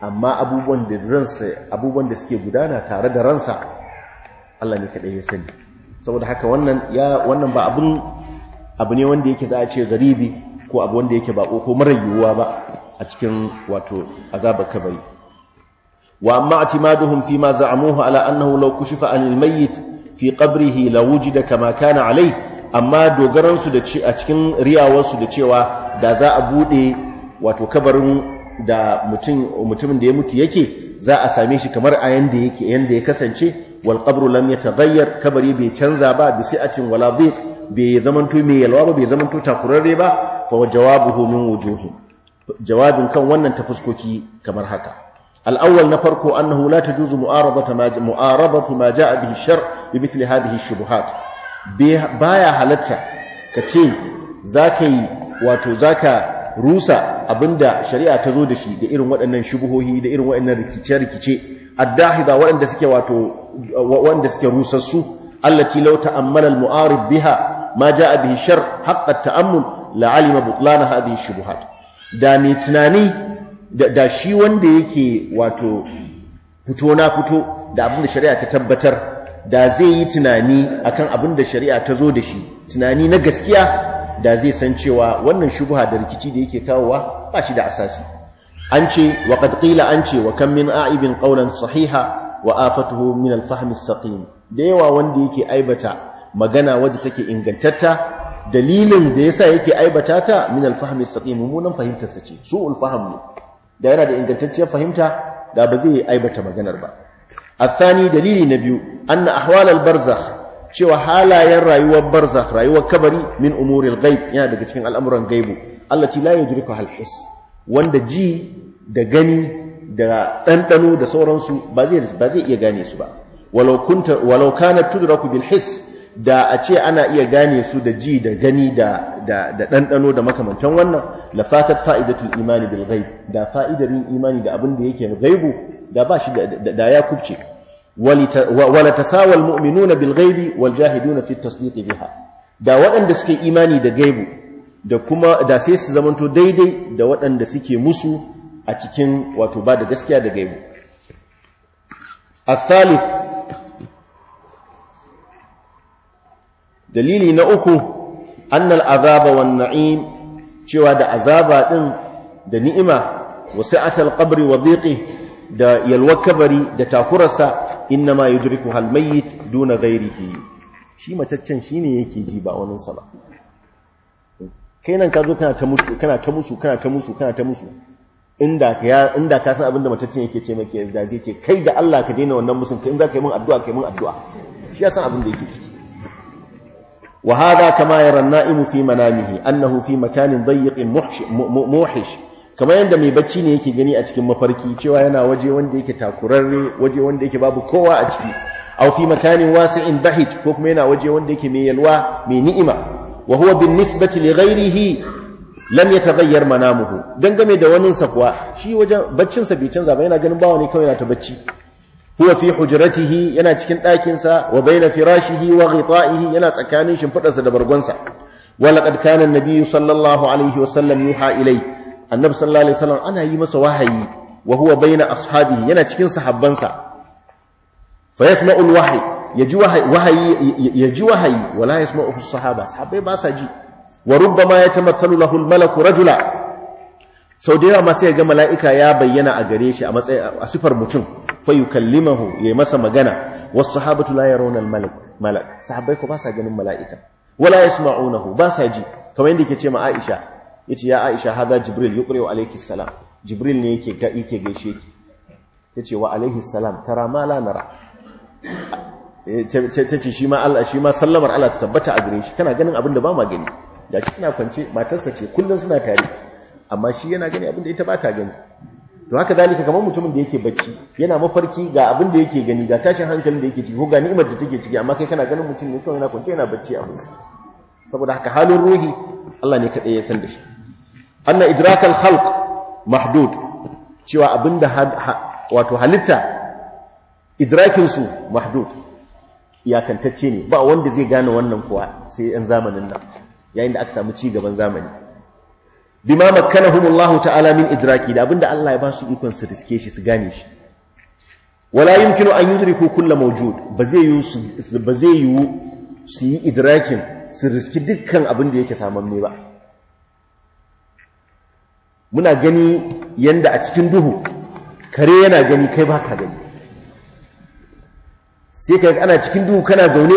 amma abubuwan da ransa abubuwan da suke gudana tare da ransa Allah ne kaɗai ya sani saboda haka wannan ya wannan ba abin abu ne wanda yake za a ce garibi ko abu wanda yake bako ko mara yiwuwa ba a cikin wato azabar kabari wa amma atimaduhum fi ma za'amuhu ala annahu law kushifa anil mayyit fi qabrihi da kama kana alayhi amma dogaransu da a cikin riyawarsu da cewa da za a bude wato kabarin da mutumin da ya mutu yake za a same shi kamar a yanda yake yanda ya kasance wal qabru lam yataghayyar kabari bai canza ba bi si'atin wala dhiq bai zamanto mai yalwa ba bai zamanto takurarre ba fa jawabuhu min wujuhin jawabin kan wannan ta kamar haka al-awwal na farko annahu la tajuzu mu'aradatu ma mu'aradatu ma ja'a bihi shar bi mithli hadhihi shubuhat baya halatta ka ce za ka yi wato za ka rusa abinda shari'a ta zo da shi da irin waɗannan shubuhohi da irin waɗannan rikice-rikice addahiza waɗanda suke wato waɗanda suke rusassu allati law ta'ammala al-mu'arib biha ma a bihi shar haqqa ta'ammul la'alima butlan hadhihi shubuhat da mai tunani da shi wanda yake wato fito na fito da abinda shari'a ta tabbatar da zai yi tunani akan abin da shari'a ta zo da shi tunani na gaskiya da zai san cewa wannan shubha da rikici da yake kawowa ba shi da asasi an ce wa qad an ce wa kam min a'ibin qawlan sahiha wa afatuhu min al-fahm da yawa wanda yake aibata magana wadda take ingantatta dalilin da yasa yake aibata ta min al-fahm as-saqim mummunan fahimtar ce su fahm da yana da ingantacciyar fahimta da ba zai aibata maganar ba athani dalili na biyu anna ahwalal barzakh cewa halayen rayuwar barzak rayuwar kabari min umurin ghaib yana daga cikin al'amuran gaibu allati la yudriku hal his wanda ji da gani da ɗanɗano da sauransu ba zai iya gane su ba walau kunta walau kanat tudraku bil his da a ce ana iya gane su da ji da gani da ɗanɗano da makamantan wannan la fa'idatul imani bil da fa'idar yin imani da abin da yake gaibu da ba shi da ya kubce wala tasawa al mu'minuna bilgaibi ghaibi wal jahiduna fi tasdiq biha da waɗanda suke imani da gaibu da kuma da sai su zamanto daidai da waɗanda suke musu a cikin wato ba da gaskiya da gaibu الثالث dalili na uku annal azaba wan na'im cewa da azaba din da ni'ima wasi'atal qabri wa dhiqi da yalwar kabari da takurarsa innama yudriku hal mayyit duna ghairihi shi mataccen shine yake ji ba wani sala kai nan ka zo kana ta musu kana ta musu kana ta musu kana ta musu inda ka inda ka san abinda mataccen yake ce maka da zai ce kai da Allah ka daina wannan musun kai in za ka yi min addu'a kai min addu'a shi ya san abin da yake ciki وهذا كما يرى النائم في منامه أنه في مكان ضيق موحش kama yadda mai bacci ne yake gani a cikin mafarki cewa yana waje wanda yake takurarre waje wanda yake babu kowa a ciki aw fi makanin wasi'in bahij ko kuma yana waje wanda yake mai yalwa mai ni'ima wa huwa bin nisbati li ghayrihi lam yataghayyar manamuhu dangane da wanin sa kuwa shi wajen baccin sa bai canza ba yana ganin bawa ne kawai yana ta bacci huwa fi hujratihi yana cikin ɗakinsa wa baina firashihi wa ghita'ihi yana tsakanin shimfidarsa da bargonsa wa laqad kana an-nabiy sallallahu alaihi wasallam yuha ilai annabi sallallahu alaihi wasallam ana yi masa wahayi wa huwa baina ashabihi yana cikin sahabbansa fa yasma'u al-wahyi yaji wahayi yaji wahayi wala yasma'u as-sahaba sahabbai ba sa ji wa rubbama yatamathalu lahu al-malaku rajula sau da yawa ma sai ga mala'ika ya bayyana a gare shi a matsayin a sifar mutum fayukallimahu yukallimahu yayi masa magana was sahabatu la yaruna al malak malak sahabbai ko ba sa ganin mala'ika wala yasma'unahu ba sa ji kamar yadda yake ce ma Aisha yace ya Aisha hada Jibril wa alayhi salam Jibril ne yake ga yake gaishe ki yace wa alayhi salam tara ma la nara eh, tace shi ma Allah shi ma sallamar Allah ta tabbata a gare shi kana ganin abin da ba ma gani shi suna kwance matarsa ce kullun suna tare amma shi yana gani abin da ita ba ta gani to haka zalika kamar mutumin da yake bacci yana mafarki ga abin da yake gani ga tashin hankalin da yake ciki ko ga ni'imar da take ciki amma kai kana ganin mutum ne kawai yana kwance yana bacci a musu saboda haka halin ruhi Allah ne kadai ya san da shi anna idrakal khalq mahdud cewa abinda wato halitta idrakin su mahdud iyakantacce ne ba wanda zai gane wannan kuwa sai yan zamanin nan yayin da aka samu ci gaban zamani bima makkanahumullahu ta'ala min idraki da abinda Allah ya ba su ikon su riske shi su gane shi wala yumkinu an yudriku kull mawjud ba zai yi ba zai su yi idrakin su riski dukkan abinda yake yake me ba muna gani yanda a cikin duhu kare yana gani kai baka gani sai ka ana cikin duhu kana zaune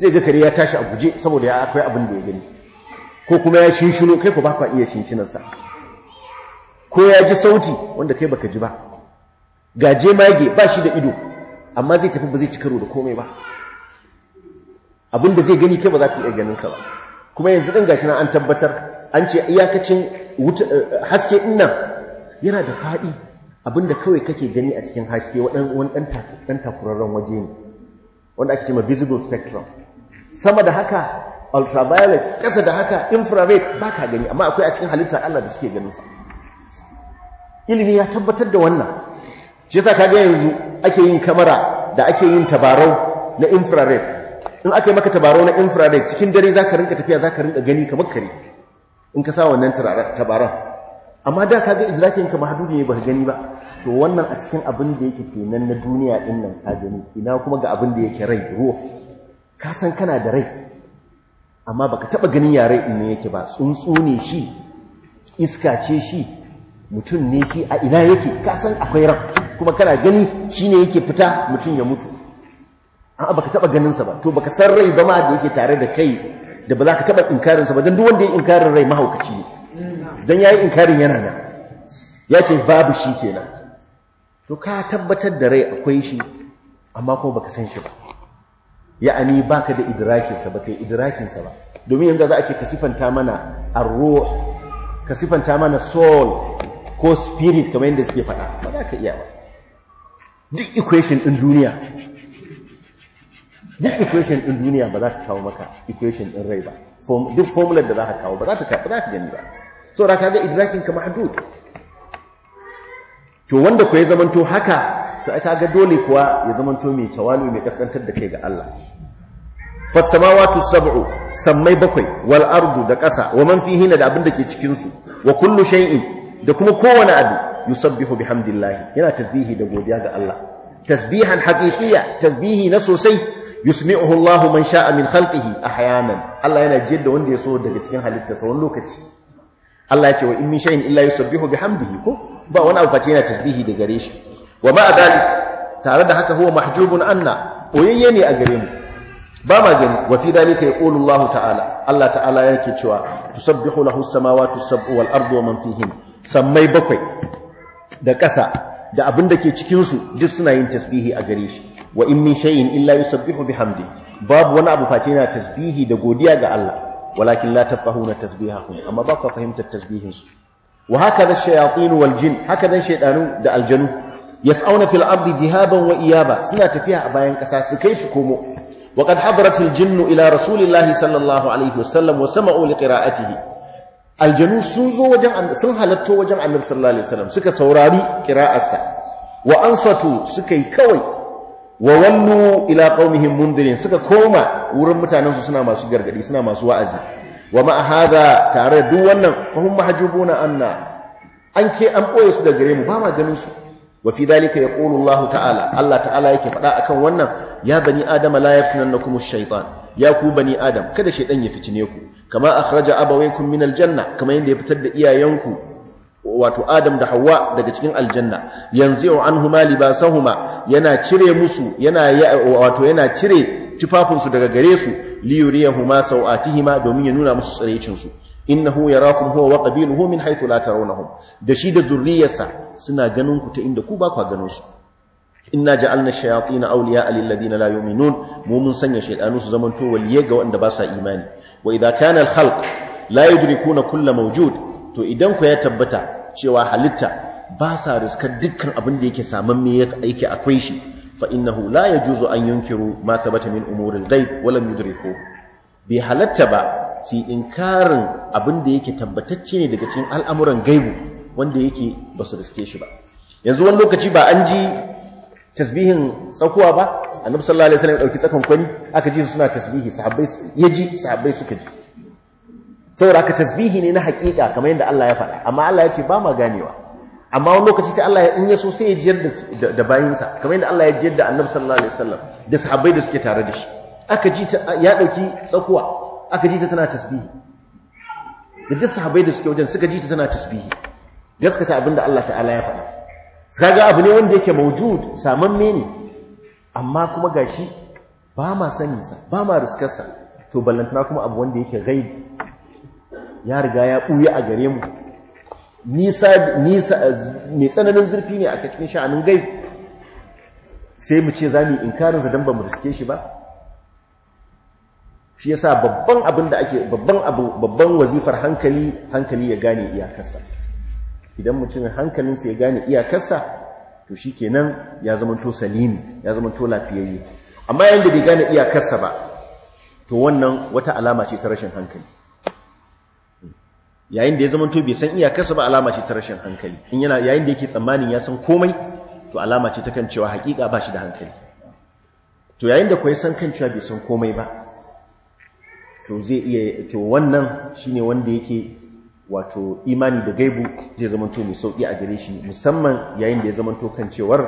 sai ga kare ya tashi a guje saboda ya akwai abin da ya gani ko kuma ya shinshino kai ku ba iya shinshinansa ko ya ji sauti wanda kai baka ji ba gaje mage ba shi da ido amma zai tafi ba zai ci karo da komai ba abin da zai gani kai ba za ka iya ganinsa ba kuma yanzu ɗin gashi na an tabbatar an ce iyakacin haske ina yana da faɗi abinda da kawai kake gani a cikin haske wani ɗan takurarren waje ne wanda ake ce ma visible spectrum sama da haka ultraviolet kasa da haka infrared ba ka gani amma akwai a cikin halitta Allah da suke sa ilimi ya tabbatar da wannan shi yasa ga yanzu ake yin kamera da ake yin tabarau na infrared in aka maka tabarau na infrared cikin dare za ka rinka tafiya za rinka gani kamar kare in ka sa wannan tabarau. amma da kaga idrakin ka mahdudi ne ba ka gani ba to wannan a cikin abin da yake kenan na duniya din nan ka gani ina kuma ga abin da yake rai ruwa ka san kana da rai amma baka taba ganin yare ina yake ba tsuntsu ne shi iska ce shi mutum ne shi a ina yake ka akwai ran kuma kana gani shi ne yake fita mutum ya mutu a'a baka taba ganin sa ba to baka san rai ba ma da yake tare da kai da ba za ka taba inkarin sa ba dan duk wanda ya inkarin rai mahaukaci ne dan yayi inkarin yana na ya ce babu shi kenan to ka tabbatar da rai akwai shi amma ko baka san shi ba ya'ani baka da idrakinsa ba idrakin idrakinsa ba domin yanzu za a ce ka sifanta mana arruh ka sifanta mana soul ko spirit kamar yadda suke faɗa ba za ka iya ba duk equation ɗin duniya duk equation din duniya ba za ka kawo maka equation ɗin rai ba duk formula da za ka kawo ba za ka gani ba da ka ga idrakin ka mahdud to wanda ku ya zamanto haka to ai kaga dole kuwa ya zamanto mai tawali mai kaskantar da kai ga Allah fasamawatu sab'u sammai bakwai wal ardu da ƙasa wa man fihi da abin da ke cikin su wa kullu shay'in da kuma kowane abu yusabbihu bihamdillahi yana tasbihi da godiya ga Allah tasbihan haqiqiyya tasbihi na sosai yusmi'uhu Allahu man sha'a min khalqihi ahyanan Allah yana jiyar da wanda ya so daga cikin halittarsa wani lokaci Allah ya ce wa in min shay'in illa yusabbihu bihamdihi ko ba wani abu face yana tasbihi da gare shi wa ma adali tare da haka huwa mahjubun anna oyayye ne a gare mu ba ma gani wa fi dalika yaqulu ta'ala Allah ta'ala yake cewa tusabbihu lahu as-samawati as-sab'u wal ardu wa man fihin sammai bakwai da ƙasa da abin da ke cikin su duk suna yin tasbihi a gare shi wa in min shay'in illa yusabbihu bihamdi babu wani abu face yana tasbihi da godiya ga Allah walakin la tafahuna tasbihahum amma ba ku fahimtar tasbihin su wa haka da shayatin wal jin haka dan shaydanu da aljanu yas'auna fil ardi dhihaban wa iyaba suna tafiya a bayan kasa su kai su komo wa qad hadaratil jinnu ila rasulillahi sallallahu alaihi wasallam wa sama'u li qira'atihi aljanu sun zo wajen sun halatto wajen annabi sallallahu alaihi wasallam suka saurari qira'arsa wa ansatu suka yi kawai wa wallu ila qaumihim mundirin suka koma wurin mutanensu suna masu gargadi suna masu wa'azi wa ma hadha tare duk wannan fa hum mahjubuna anna an ke an boye su da gare mu ba ma ganin su wa fi dhalika yaqulu Allah ta'ala Allah ta'ala yake faɗa akan wannan ya bani adama la yaftinannakum ash-shaytan ya ku bani adam kada shaytan ya fitine ku kama akhraja abawaykum min al-janna kama yanda ya fitar da iyayenku wato Adam da Hawwa daga cikin aljanna yanzu anhuma libasahuma yana cire musu yana wato yana cire tufafinsu daga gare su liyuriyahuma sau'atihima domin ya nuna musu tsiraicinsu innahu yarakum huwa wa qabiluhu min haythu la tarawnahum da shi da zurriyarsa suna ganin ku ta inda ku ba ku ganin su inna ja'alna shayatin awliya lil ladina la yu'minun mu mun sanya shaydanu su zaman to waliye ga wanda ba sa imani wa idha kana al khalq la yudrikuna kull mawjud to idan ku ya tabbata cewa halitta ba sa riskar dukkan abin da yake samamme yake akwai shi fa innahu la yajuzu an yunkiru ma thabata min umuri wala ghaib wa lam yudriku bi halatta ba fi yi inkarin abin da yake tabbatacce ne daga cikin al'amuran gaibu wanda yake ba su riske shi ba yanzu wani lokaci ba an ji tasbihin tsakuwa ba annabi sallallahu alaihi wasallam ɗauki tsakan kwani aka ji su suna tasbihi sahabbai ya ji sahabbai suka ji saboda aka tasbihi ne na hakika kamar yadda Allah ya faɗa amma Allah ya ce ba ma ganewa amma wani lokaci sai Allah in ya so sai ya jiyar da bayinsa kamar yadda Allah ya jiyar da annabi sallallahu alaihi wasallam da sahabbai da suke tare da shi aka ji ya ɗauki tsakuwa aka ji ta tana tasbihi da duk sahabbai da suke wajen suka ji ta tana tasbihi gaskata abinda Allah ta'ala ya faɗa suka ga abu ne wanda yake saman samamme ne amma kuma gashi ba ma sanin sa ba ma riskar sa to ballantana kuma abu wanda yake ghaib ya riga ya buya a gare mu nisa nisa mai tsananin zurfi ne a cikin sha'anin ghaib sai mu ce zamu inkarin sa dan ba mu riske shi ba shi yasa babban abin da ake babban abu babban wazifar hankali hankali ya gane iyakarsa idan mutum hankalinsa ya gane iyakarsa to shikenan ya to salimi ya to lafiyayye amma yayin da bai gane iyakarsa ba to wannan wata alama ce ta rashin hankali yayin da ya to bai san iyakarsa ba alama ce ta rashin hankali in yana yayin da yake tsammanin ya san komai to alama ce ta kan cewa hakika ba shi da hankali to yayin da kwai san kan cewa bai san komai ba to zai iya to wannan shine wanda yake wato imani da gaibu zai zamanto mai sauki a gare shi musamman yayin da ya zamanto kan cewar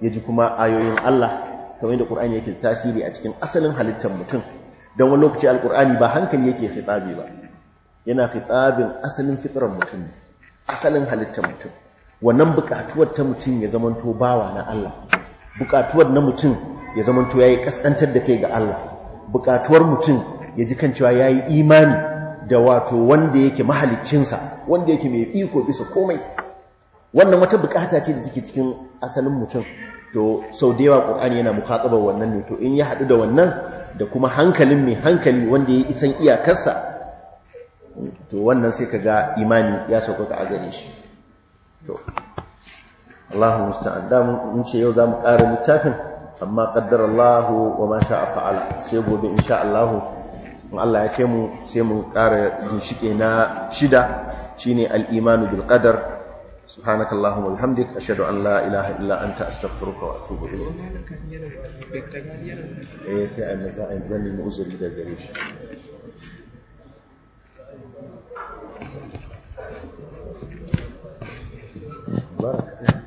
ya ji kuma ayoyin Allah kamar yadda Qur'ani yake tasiri a cikin asalin halittar mutum dan wani lokaci alqur'ani ba hankali yake fitabi ba yana fitabin asalin fitrar mutum asalin halittar mutum wannan bukatuwar ta mutum ya zamanto bawa na Allah bukatuwar na mutum ya zamanto yayi kaskantar da kai ga Allah bukatuwar mutum ya ji kan cewa ya yi imani da wato wanda yake mahalicinsa wanda yake mai iko bisa komai wannan wata bukata ce da take cikin asalin mutum to sau da yawa ƙur'ani yana mukaƙabar wannan ne to in ya haɗu da wannan da kuma hankalin mai hankali wanda ya isan iyakarsa to wannan sai ka ga imani ya sauƙaƙa a gare shi to Allahu musta'an da mun ce yau mu ƙara littafin amma ƙaddar Allahu wa ma a fa'ala sai gobe insha Allahu Allah ya kai mu sai mu ƙara ginshike na shida shine al-imanu bil qadar subhanakallahu wa bihamdik ashhadu an la illa anta astaghfiruka wa eh, da zare